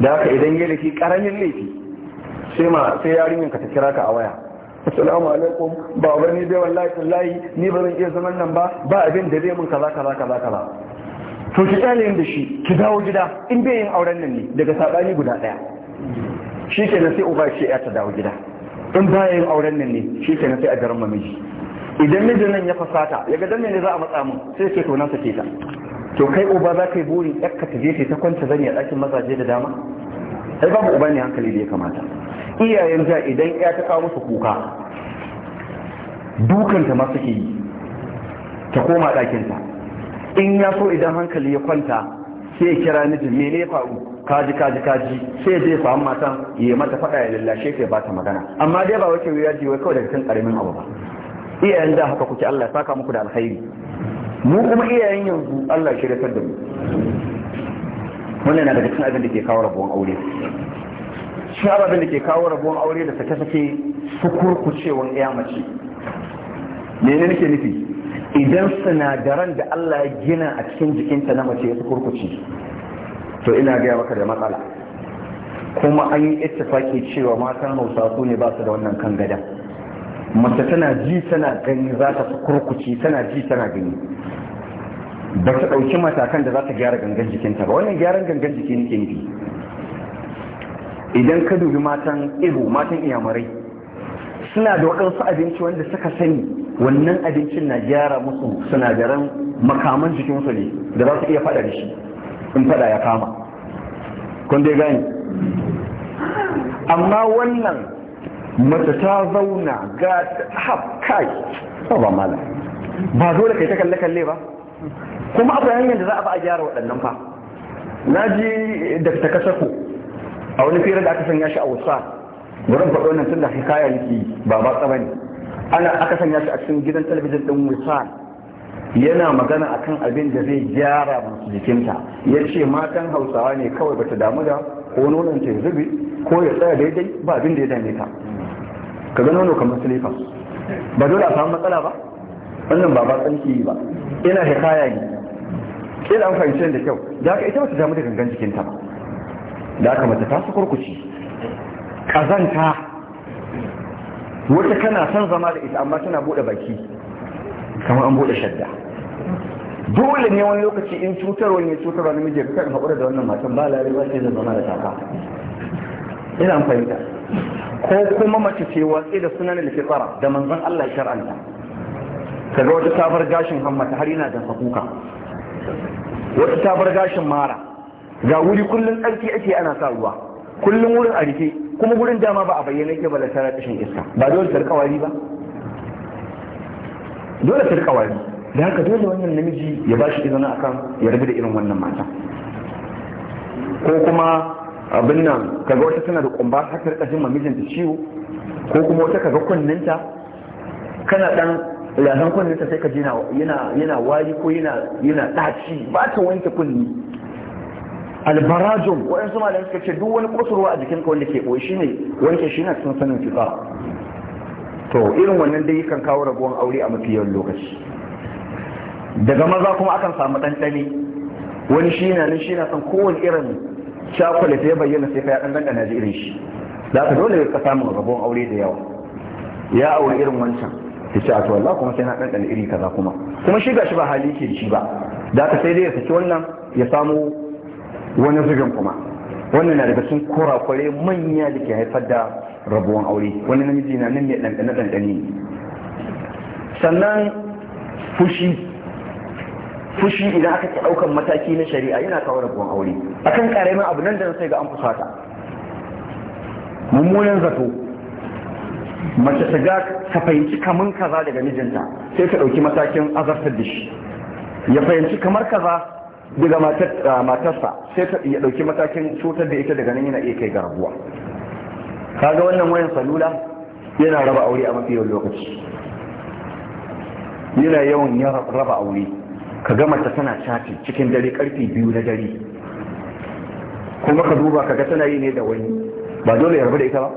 da haka idan ya laifi ƙaramin laifi sai ma sai yarinyar ka ta kira ka a waya assalamu alaikum baba ni dai wallahi tallahi ni ba zan iya zaman nan ba ba abin da zai mun kaza kaza kaza kaza to ki tsale da shi ki dawo gida in bai yin auren nan ne daga sabani guda daya na sai uba shi ya ta dawo gida in ba yin auren nan ne shi shikenan sai a garin mamiji idan mijin nan ya fasata ya ga dan ne za a matsa mun sai ce to na sake ta to kai uba za ka yi burin ɗakka ta je ta kwanta zani a ɗakin mazaje da dama ai babu uba ne hankali da ya kamata iyayen ja idan ya ta kawo musu kuka dukanta ma suke yi ta koma ɗakinta in ya so idan hankali ya kwanta sai ya kira mijin me ya faru kaji kaji kaji sai zai samu matan ya mata faɗa ya lallashe ta ba ta magana amma dai ba wace wuya jiwa kawai daga kan ƙaramin abu ba iyayen da haka kuke Allah ya saka muku da alkhairi mu kuma iyayen yanzu Allah ya shirya da mu wannan na daga cikin abin da ke kawo rabuwan aure shi abin da ke kawo rabuwan aure da sake-sake sukurkucewan iya mace menene nake nufi idan sinadaran da Allah ya gina a cikin jikinta na mace ya sukurkuce to ina gaya maka da matsala kuma an yi ittifaki cewa matan hausa su ne ba su da wannan kan gadan mace tana ji tana gani za ta kurkuci tana ji tana gani ba ta ɗauki matakan da za ta gyara gangan jikinta ba wannan gyaran gangan jiki nake nufi idan ka dubi matan ihu matan iyamurai suna da waɗansu abinci wanda suka sani wannan abincin na gyara musu sinadaran makaman jikinsu ne da za su iya faɗa da shi in faɗa ya kama kun dai gani amma wannan Mata ta zauna ga haf kai ba mala ba dole kai ta kalle kalle ba kuma abu hanyar da za a ba a gyara waɗannan fa na ji da ta kasako a wani fira da aka sanya shi a wasa wurin faɗo nan tun da hikaya yake ba ba tsaba ne ana aka sanya shi a cikin gidan talabijin ɗin wasa yana magana akan abin da zai gyara masu jikinta ya ce matan hausawa ne kawai bata damu da ko nonon ta zube ko ya tsaya daidai ba abin da ya dame ta ka gano ne kamar silifa ba dole a samu matsala ba wannan ba ba tsanki ba ina hikaya ne ke da amfani da kyau da aka ita bata damu da gangan jikinta ba da aka mace ta su kurkuci kazanta wata kana son zama da ita amma tana bude baki kamar an bude shadda dole ne wani lokaci in wani ya cutarwa namiji ka kakar haƙura da wannan matan ba lare ba sai da zama da taka ina fahimta ko kuma mace ce watsi da sunan alfitara da manzon Allah shar'anta kaga wata tabar gashin hammata har yana da hakuka wata tabar gashin mara ga wuri kullun tsarki ake ana sa ruwa kullun wurin a rike kuma wurin dama ba a bayyana yake ba da tara kashin iska ba dole ta rika wari ba dole ta rika wari da haka dole wannan namiji ya bashi izinin akan ya rabu da irin wannan mata ko kuma abin nan kaga wata tana da kumba har ta mamijinta ciwo ko kuma wata kaga kunninta kana dan lahan kunninta sai ka ji yana yana wari ko yana yana daci ba ta wanke kunni albarajum waɗansu malamai suka ce duk wani kusurwa a jikinka wanda ke ɓoye shine wanke shi na cikin sanin to irin wannan dai kan kawo rabuwan aure a mafi yawan lokaci daga maza kuma akan samu ɗanɗani wani shi na nan shi na san kowane irin chocolate ya bayyana sai kaya dan na ji irin shi za ka dole ka samu rabon aure da yawa ya aure irin wancan ta ce a to Allah kuma sai na dan na iri kaza kuma kuma shi gashi ba hali ke shi ba Da ka sai dai ya saki wannan ya samu wani zubin kuma wannan na daga cikin kurakurai manya da ke haifar da rabuwan aure wani namiji na nan ne ɗanɗane sannan fushi fushi idan aka ci ɗaukan mataki na shari'a yana kawo rabuwan aure akan ƙaramin abu nan da sai ga an fusata mummunan zato mace ta ga ka fahimci kamun kaza daga mijinta sai ka ɗauki matakin azartar da shi ya fahimci kamar kaza daga matarsa sai ta ya ɗauki matakin cutar da ita daga nan yana iya kai ga rabuwa kaga wannan wayan salula yana raba aure a mafi yawan lokaci yana yawan raba aure ka gama ta tana cati cikin dare karfe biyu na dare kuma ka duba ka ga tana yi ne da wani ba dole ya rabu da ita ba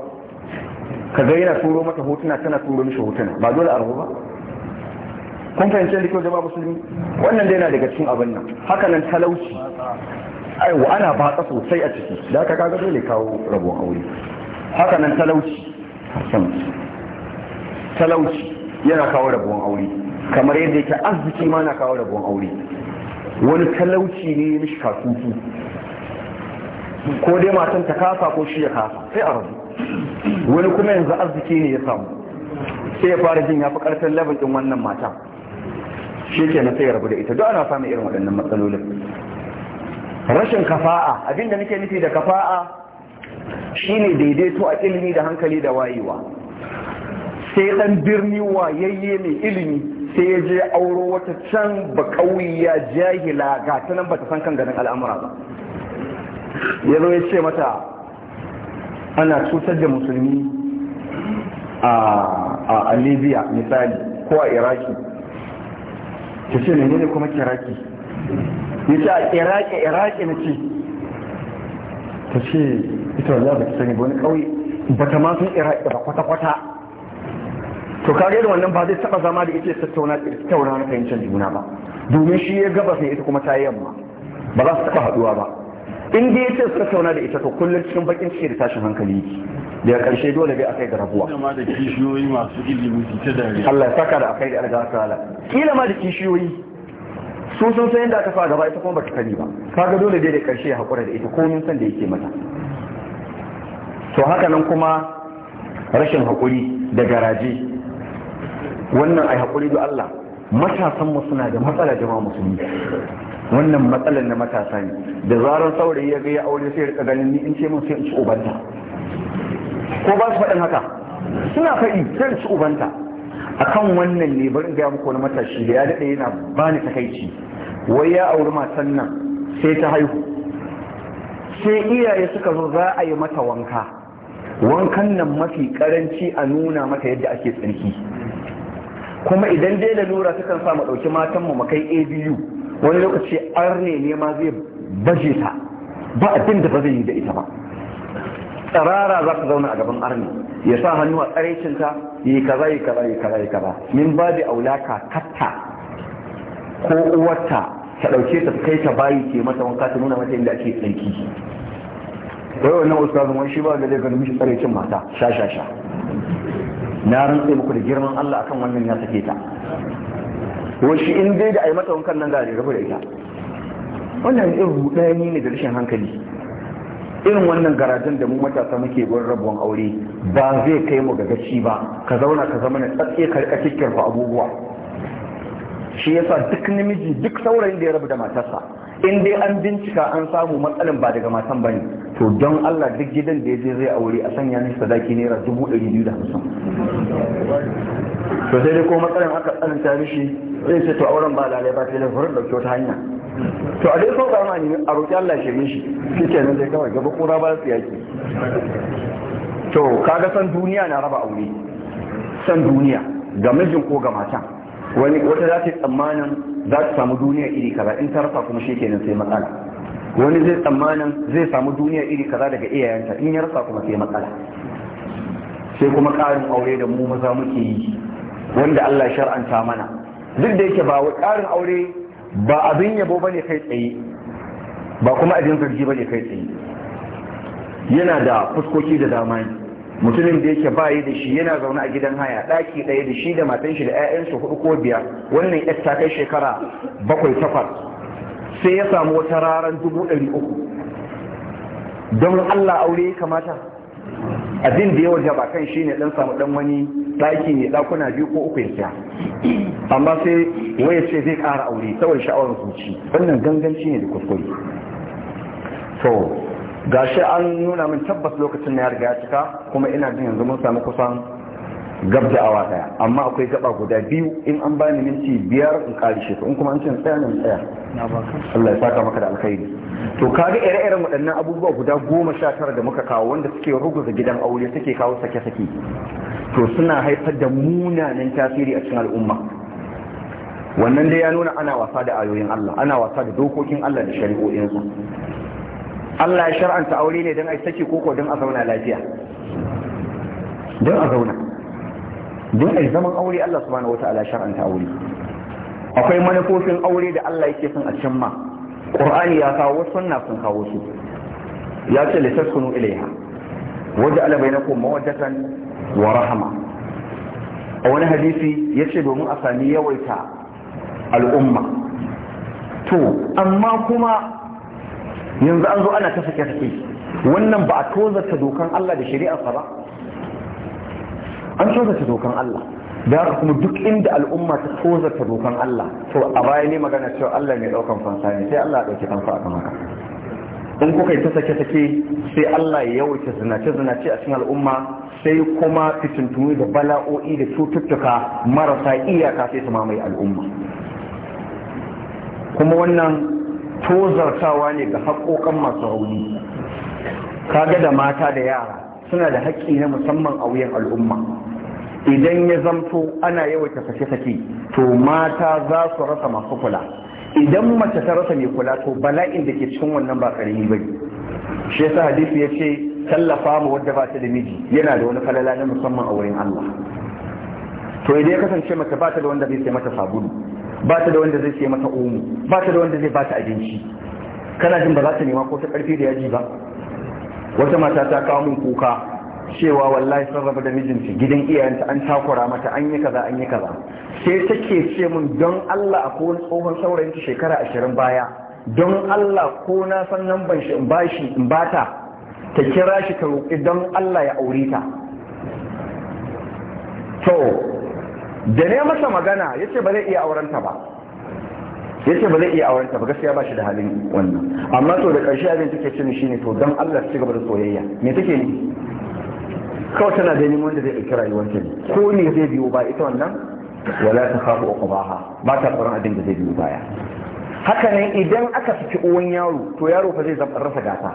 ka ga yana turo mata hotuna tana turo mishi hotuna ba dole a rabu ba kun fahimci yadda kyau jama'a musulmi wannan dai yana daga cikin abin nan haka nan talauci aiwa ana batsa sosai a ciki da aka kaga dole kawo rabon aure haka nan talauci talauci yana kawo rabon aure kamar yadda yake arziki ma na kawo rabon aure wani talauci ne ya mishi kasutu ko dai matan ta kasa ko shi ya kasa sai a rabu wani kuma yanzu arziki ne ya samu sai ya fara jin ya fi ƙarfin labarin wannan matan shi ke na sai ya rabu da ita duk ana samun irin waɗannan matsalolin rashin kafa'a abinda nake nufi da kafa'a shine daidaito a ilimi da hankali da wayewa sai ɗan birni wayayye mai ilimi sai ya je auro wata can ba kauya jahila ga ta nan ta san kan ganin al'amura ba ya zo ya ce mata ana cutar da musulmi a libya misali ko a iraki ta ce ne kuma kiraki ya ce a iraki iraki na ce ta ce ita ba ta sani ba wani kauye ba ta ma sun iraki ba kwata-kwata to kage da wannan ba zai taba zama da ita tattauna tattauna na fahimtar juna ba domin shi ya gabas ne ita kuma ta yamma ba za su taba haduwa ba in dai ce su tattauna da ita to kullum cikin bakin ciki da tashin hankali daga karshe dole bai akai ga rabuwa kila ma da kishiyoyi masu ilimi su ta dare Allah ya saka da akai da alga sala kila ma da kishiyoyi su sun san yadda aka fa gaba ita kuma bata kani ba kaga dole dai da karshe hakura da ita komin san da yake mata to haka nan kuma rashin hakuri da garaje wannan ai haƙuri da Allah matasan mu suna da matsala jama'a musulmi wannan matsalar na matasa ne da zarar saurayi ya ga ya aure sai rika ganin ni in ce mun sai in ci ubanta ko ba su faɗin haka suna faɗi sai in ci ubanta akan wannan ne bari ga muku wani matashi da ya daɗe yana bani takaici wai ya auri matan nan sai ta haihu sai iyaye suka zo za a yi mata wanka wankan nan mafi karanci a nuna mata yadda ake tsarki kuma idan dai lalura ta kan samu ɗauki matan mu kai abu wani lokaci arne ne ma zai baje ta ba abin da ba zai yi da ita ba tsarara za ka zauna a gaban arni ya sa hannu a tsaraicinta yi kaza yi kaza yi kaza yi kaza min ba da aulaka katta ko uwarta ta ɗauke ta kai ta bayi ke mata wanka ta nuna mata inda ake tsanki wai wannan ustazin wani shi ba da zai ganin mishi tsaraicin mata sha sha sha na rantse muku da girman Allah akan wannan ya sake ta wasu in dai da a yi mata wankan nan gari rabu da ita wannan irin rudani ne da rashin hankali irin wannan garajen da mu matasa muke bin rabuwan aure ba zai kai mu ga gaci ba ka zauna ka zama na tsatse ka rika abubuwa shi yasa duk namiji duk saurayin da ya rabu da matarsa in dai an bincika an samu matsalin ba daga matan bane to don Allah duk gidan da ya je zai aure a sanya ne sadaki naira dubu ɗari biyu da hamsin to sai dai ko matsalar aka tsananta mishi zai ce to auren ba lalai ba sai da furin dauke wata hanya to a dai so ga mani a roƙi Allah shi mishi shi ke nan dai kawai gaba kura ba su yaƙi to kaga san duniya na raba aure san duniya ga mijin ko ga matan wani wata za ta yi tsammanin za ta samu duniya iri kaza in ta rasa kuma shi nan sai matsala wani zai tsammanin zai samu duniya iri kaza daga iyayenta in ya rasa kuma sai matsala sai kuma ƙarin aure da mu maza muke yi wanda Allah shar'anta mana duk da yake ba wa ƙarin aure ba abin yabo bane kai tsaye ba kuma abin zargi bane kai tsaye yana da fuskoki da dama mutumin da yake bayi da shi yana zaune a gidan haya ɗaki ɗaya da shi da matan da 'ya'yansu hudu ko biyar wannan yar ta kai shekara bakwai takwas sai ya samu wata raran dubu ɗari uku don Allah aure ya kamata abin da ya waje ba kan shi ne ɗan samu ɗan wani ɗaki ne ɗakuna biyu ko uku ya siya amma sai waya ce zai ƙara aure saboda sha'awar zuci wannan ganganci ne da kuskure so ga shi an nuna min tabbas lokacin na ya riga ya cika kuma ina jin yanzu mun samu kusan gab da awa daya amma akwai gaba guda biyu in an bani minti biyar in kare shi in kuma an ce tsaya ne tsaya Allah ya saka maka da alkhairi to kaga ire-iren waɗannan abubuwa guda goma sha tara da muka kawo wanda suke ruguza gidan aure suke kawo sake-sake to suna haifar da munanan tasiri a cikin al'umma wannan dai ya nuna ana wasa da ayoyin Allah ana wasa da dokokin Allah da shari'o'insa Allah ya shar'anta aure ne don a sake koko don a zauna lafiya don a zauna don a zaman aure Allah subhanahu wata'ala shar'anta aure akwai manufofin aure da Allah yake son a cimma Qur'ani ya kawo sunna sun kawo su ya ce litaskunu ilaiha waja'ala bainakum mawaddatan wa rahama a wani hadisi yace domin a sami yawaita al'umma to amma kuma yanzu an zo ana ta sake-sake wannan ba a tozarta dokan Allah da shari'arsa ba an tozarta dokan Allah da haka kuma duk inda al'umma ta tozarta dokan Allah to a baya ne magana cewa Allah ne daukan fansa ne sai Allah ya dauki fansa kan haka in kuka yi ta sake-sake sai Allah ya yawaita zinace-zinace a cikin al'umma sai kuma fitintuni da bala'o'i da cututtuka marasa iyaka sai su mamaye al'umma kuma wannan tozartawa ne ga haƙoƙan masu rauni kaga da mata da yara suna da haƙƙi na musamman a wuyan al'umma idan ya zamto ana yawaita sake to mata za su rasa masu kula idan mace ta rasa mai kula to bala'in da ke cikin wannan ba karami ba shi yasa hadisi ya ce tallafa mu wadda ba ta da miji yana da wani falala na musamman a wurin Allah to idan ya kasance mace ba ta da wanda zai sai mata sabulu ba ta da wanda zai sai mata omo ba ta da wanda zai ba ta abinci kana jin ba za ta nema ko ta karfi da yaji ba wata mata ta kawo min kuka cewa wallahi sun raba da mijinta gidan iyayenta an takura mata an yi kaza an yi kaza sai take ce min don Allah a kowane tsohon saurayinta shekara ashirin baya don Allah ko na san nan ban shi in shi in bata ta kira shi ta roƙi don Allah ya aure ta to da ne masa magana ya ce ba zai iya aurenta ba ya ce ba zai iya auren ta ba gaskiya ba shi da halin wannan amma to da ƙarshe abin take cin shi ne to don Allah ci gaba da soyayya me take ni kawai tana da neman wanda zai ɗauki rayuwarta ne ko ne zai biyo ba ita wannan wala ta kafu uqbaha ba ta tsoron abin da zai biyo baya haka ne idan aka saki uwan yaro to yaro fa zai zama rasa gasa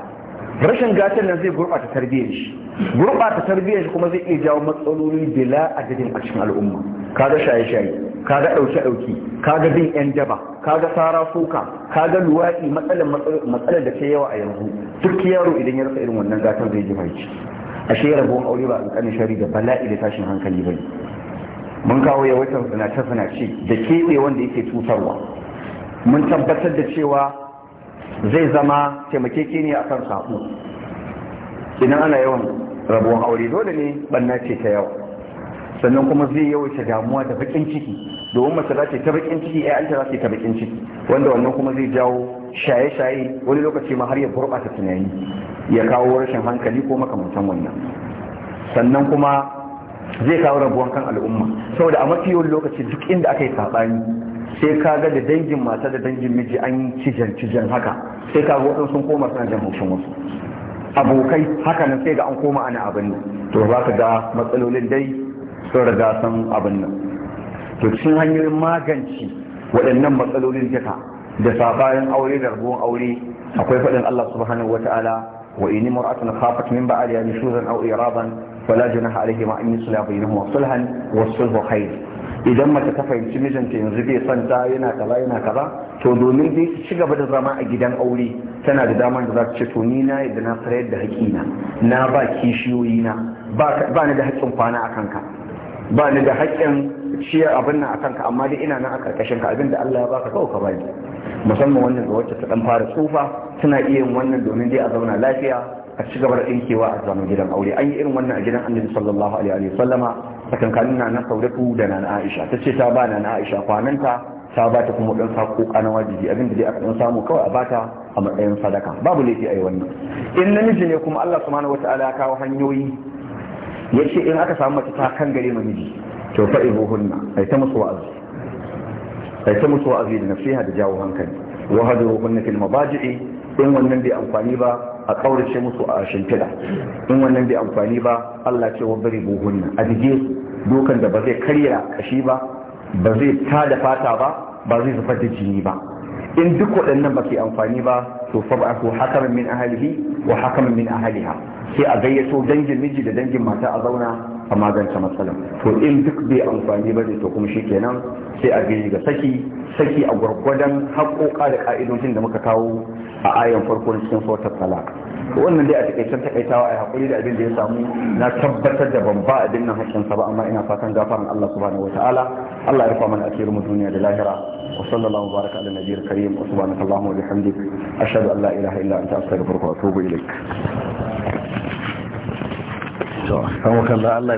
rashin gatar nan zai gurɓata tarbiyyar shi gurɓata tarbiyyar shi kuma zai iya jawo matsaloli bila adadin a cikin al'umma kaga shaye-shaye kaga ɗauke-ɗauke kaga bin yan daba kaga sara foka kaga luwaɗi matsalar matsalar da ta yawa a yanzu duk yaro idan ya rasa irin wannan gatar zai ji farci ashe rabuwan aure ba a ƙanin shari da bala'i da tashin hankali ba mun kawo yawaitar zinace-zinace da keɓe wanda yake cutarwa mun tabbatar da cewa zai zama ne a kan saƙo. idan ana yawan rabuwan aure dole ne banna ce ta yawa sannan kuma zai yawaita damuwa da bakin ciki domin mace za ta ta bakin ciki ƴaƴanta za ta ta bakin ciki wanda wannan kuma zai jawo shaye-shaye wani lokaci ma har ya gurɓata tunani ya kawo rashin hankali ko makamantan wannan sannan kuma zai kawo rabuwan kan al'umma saboda a mafi yawan lokaci duk inda aka yi saɓani sai ka ga da dangin mata da dangin miji an cijan cijan haka sai ka ga sun koma suna jan haushin wasu abokai haka nan sai ga an koma ana abin nan to ba ka ga matsalolin dai sun riga san abin nan to cikin hanyoyin magance waɗannan matsalolin jika da sabayan aure da rabuwan aure akwai faɗin Allah subhanahu wataala wa inni mar'atun khafat min ba'aliha nushuzan aw iradan fala junaha alayhi ma an bainahuma sulhan wa sulhu khair idan mace ta fahimci mijinta yanzu bai son ta yana kaza yana kaza to domin dai su ci gaba da zama a gidan aure tana da damar da za ta ce to ni na yadda na sayar da haƙina na ba kishiyoyi na ba ni da haƙƙin kwana a kanka ba ni da haƙƙin ciyar abin nan a kanka amma dai ina nan a ƙarƙashin ka abin da Allah ya baka kawai ka bani musamman wannan ga wacce ta dan fara tsufa tana iya yin wannan domin dai a zauna lafiya a ci gaba da ɗinkewa a zaman gidan aure an yi irin wannan a gidan annabi sallallahu alaihi wa sallama tsakankanin na nan saudatu da na aisha ta ce ta ba na aisha kwananta ta ba ta kuma ɗan sako na wajibi abin da dai aka dan samu kawai a bata a matsayin sadaka babu laifi a yi wannan in namiji ne kuma Allah subhanahu wata'ala ya kawo hanyoyi ya ce in aka samu mace ta kan gare namiji to fa ibuhunna ai ta musu wa'azi ai ta musu wa'azi da nasiha da jawo hankali wa hadruhunna fil mabaji'i in wannan bai amfani ba a kaurace musu a shimfiɗa in wannan bai amfani ba Allah ce wa bari buhunna a dige su dokan da ba zai karya kashi ba ba zai ta da fata ba ba zai zufar da jini ba in duk waɗannan ba ke amfani ba to fa ba su hakaman min ahalihi wa hakaman min ahaliha sai a gayyato dangin miji da dangin mata a zauna a magance matsalan to in duk bai amfani ba ne to kuma kenan sai a gani ga saki saki a gwargwadon haƙoƙa da ka'idojin da muka kawo a ayan farko cikin sota tala wannan dai a takaicen takaitawa a hakuri da abin da ya samu na tabbatar da ban ba abin nan hakkin sa ba amma ina fatan gafaran Allah subhanahu wataala Allah ya rufa mana asirin mu duniya da lahira wa sallallahu baraka ala nabiyil karim wa subhanaka wa bihamdik ashhadu an la ilaha illa anta astaghfiruka wa atubu ilaik to kan Allah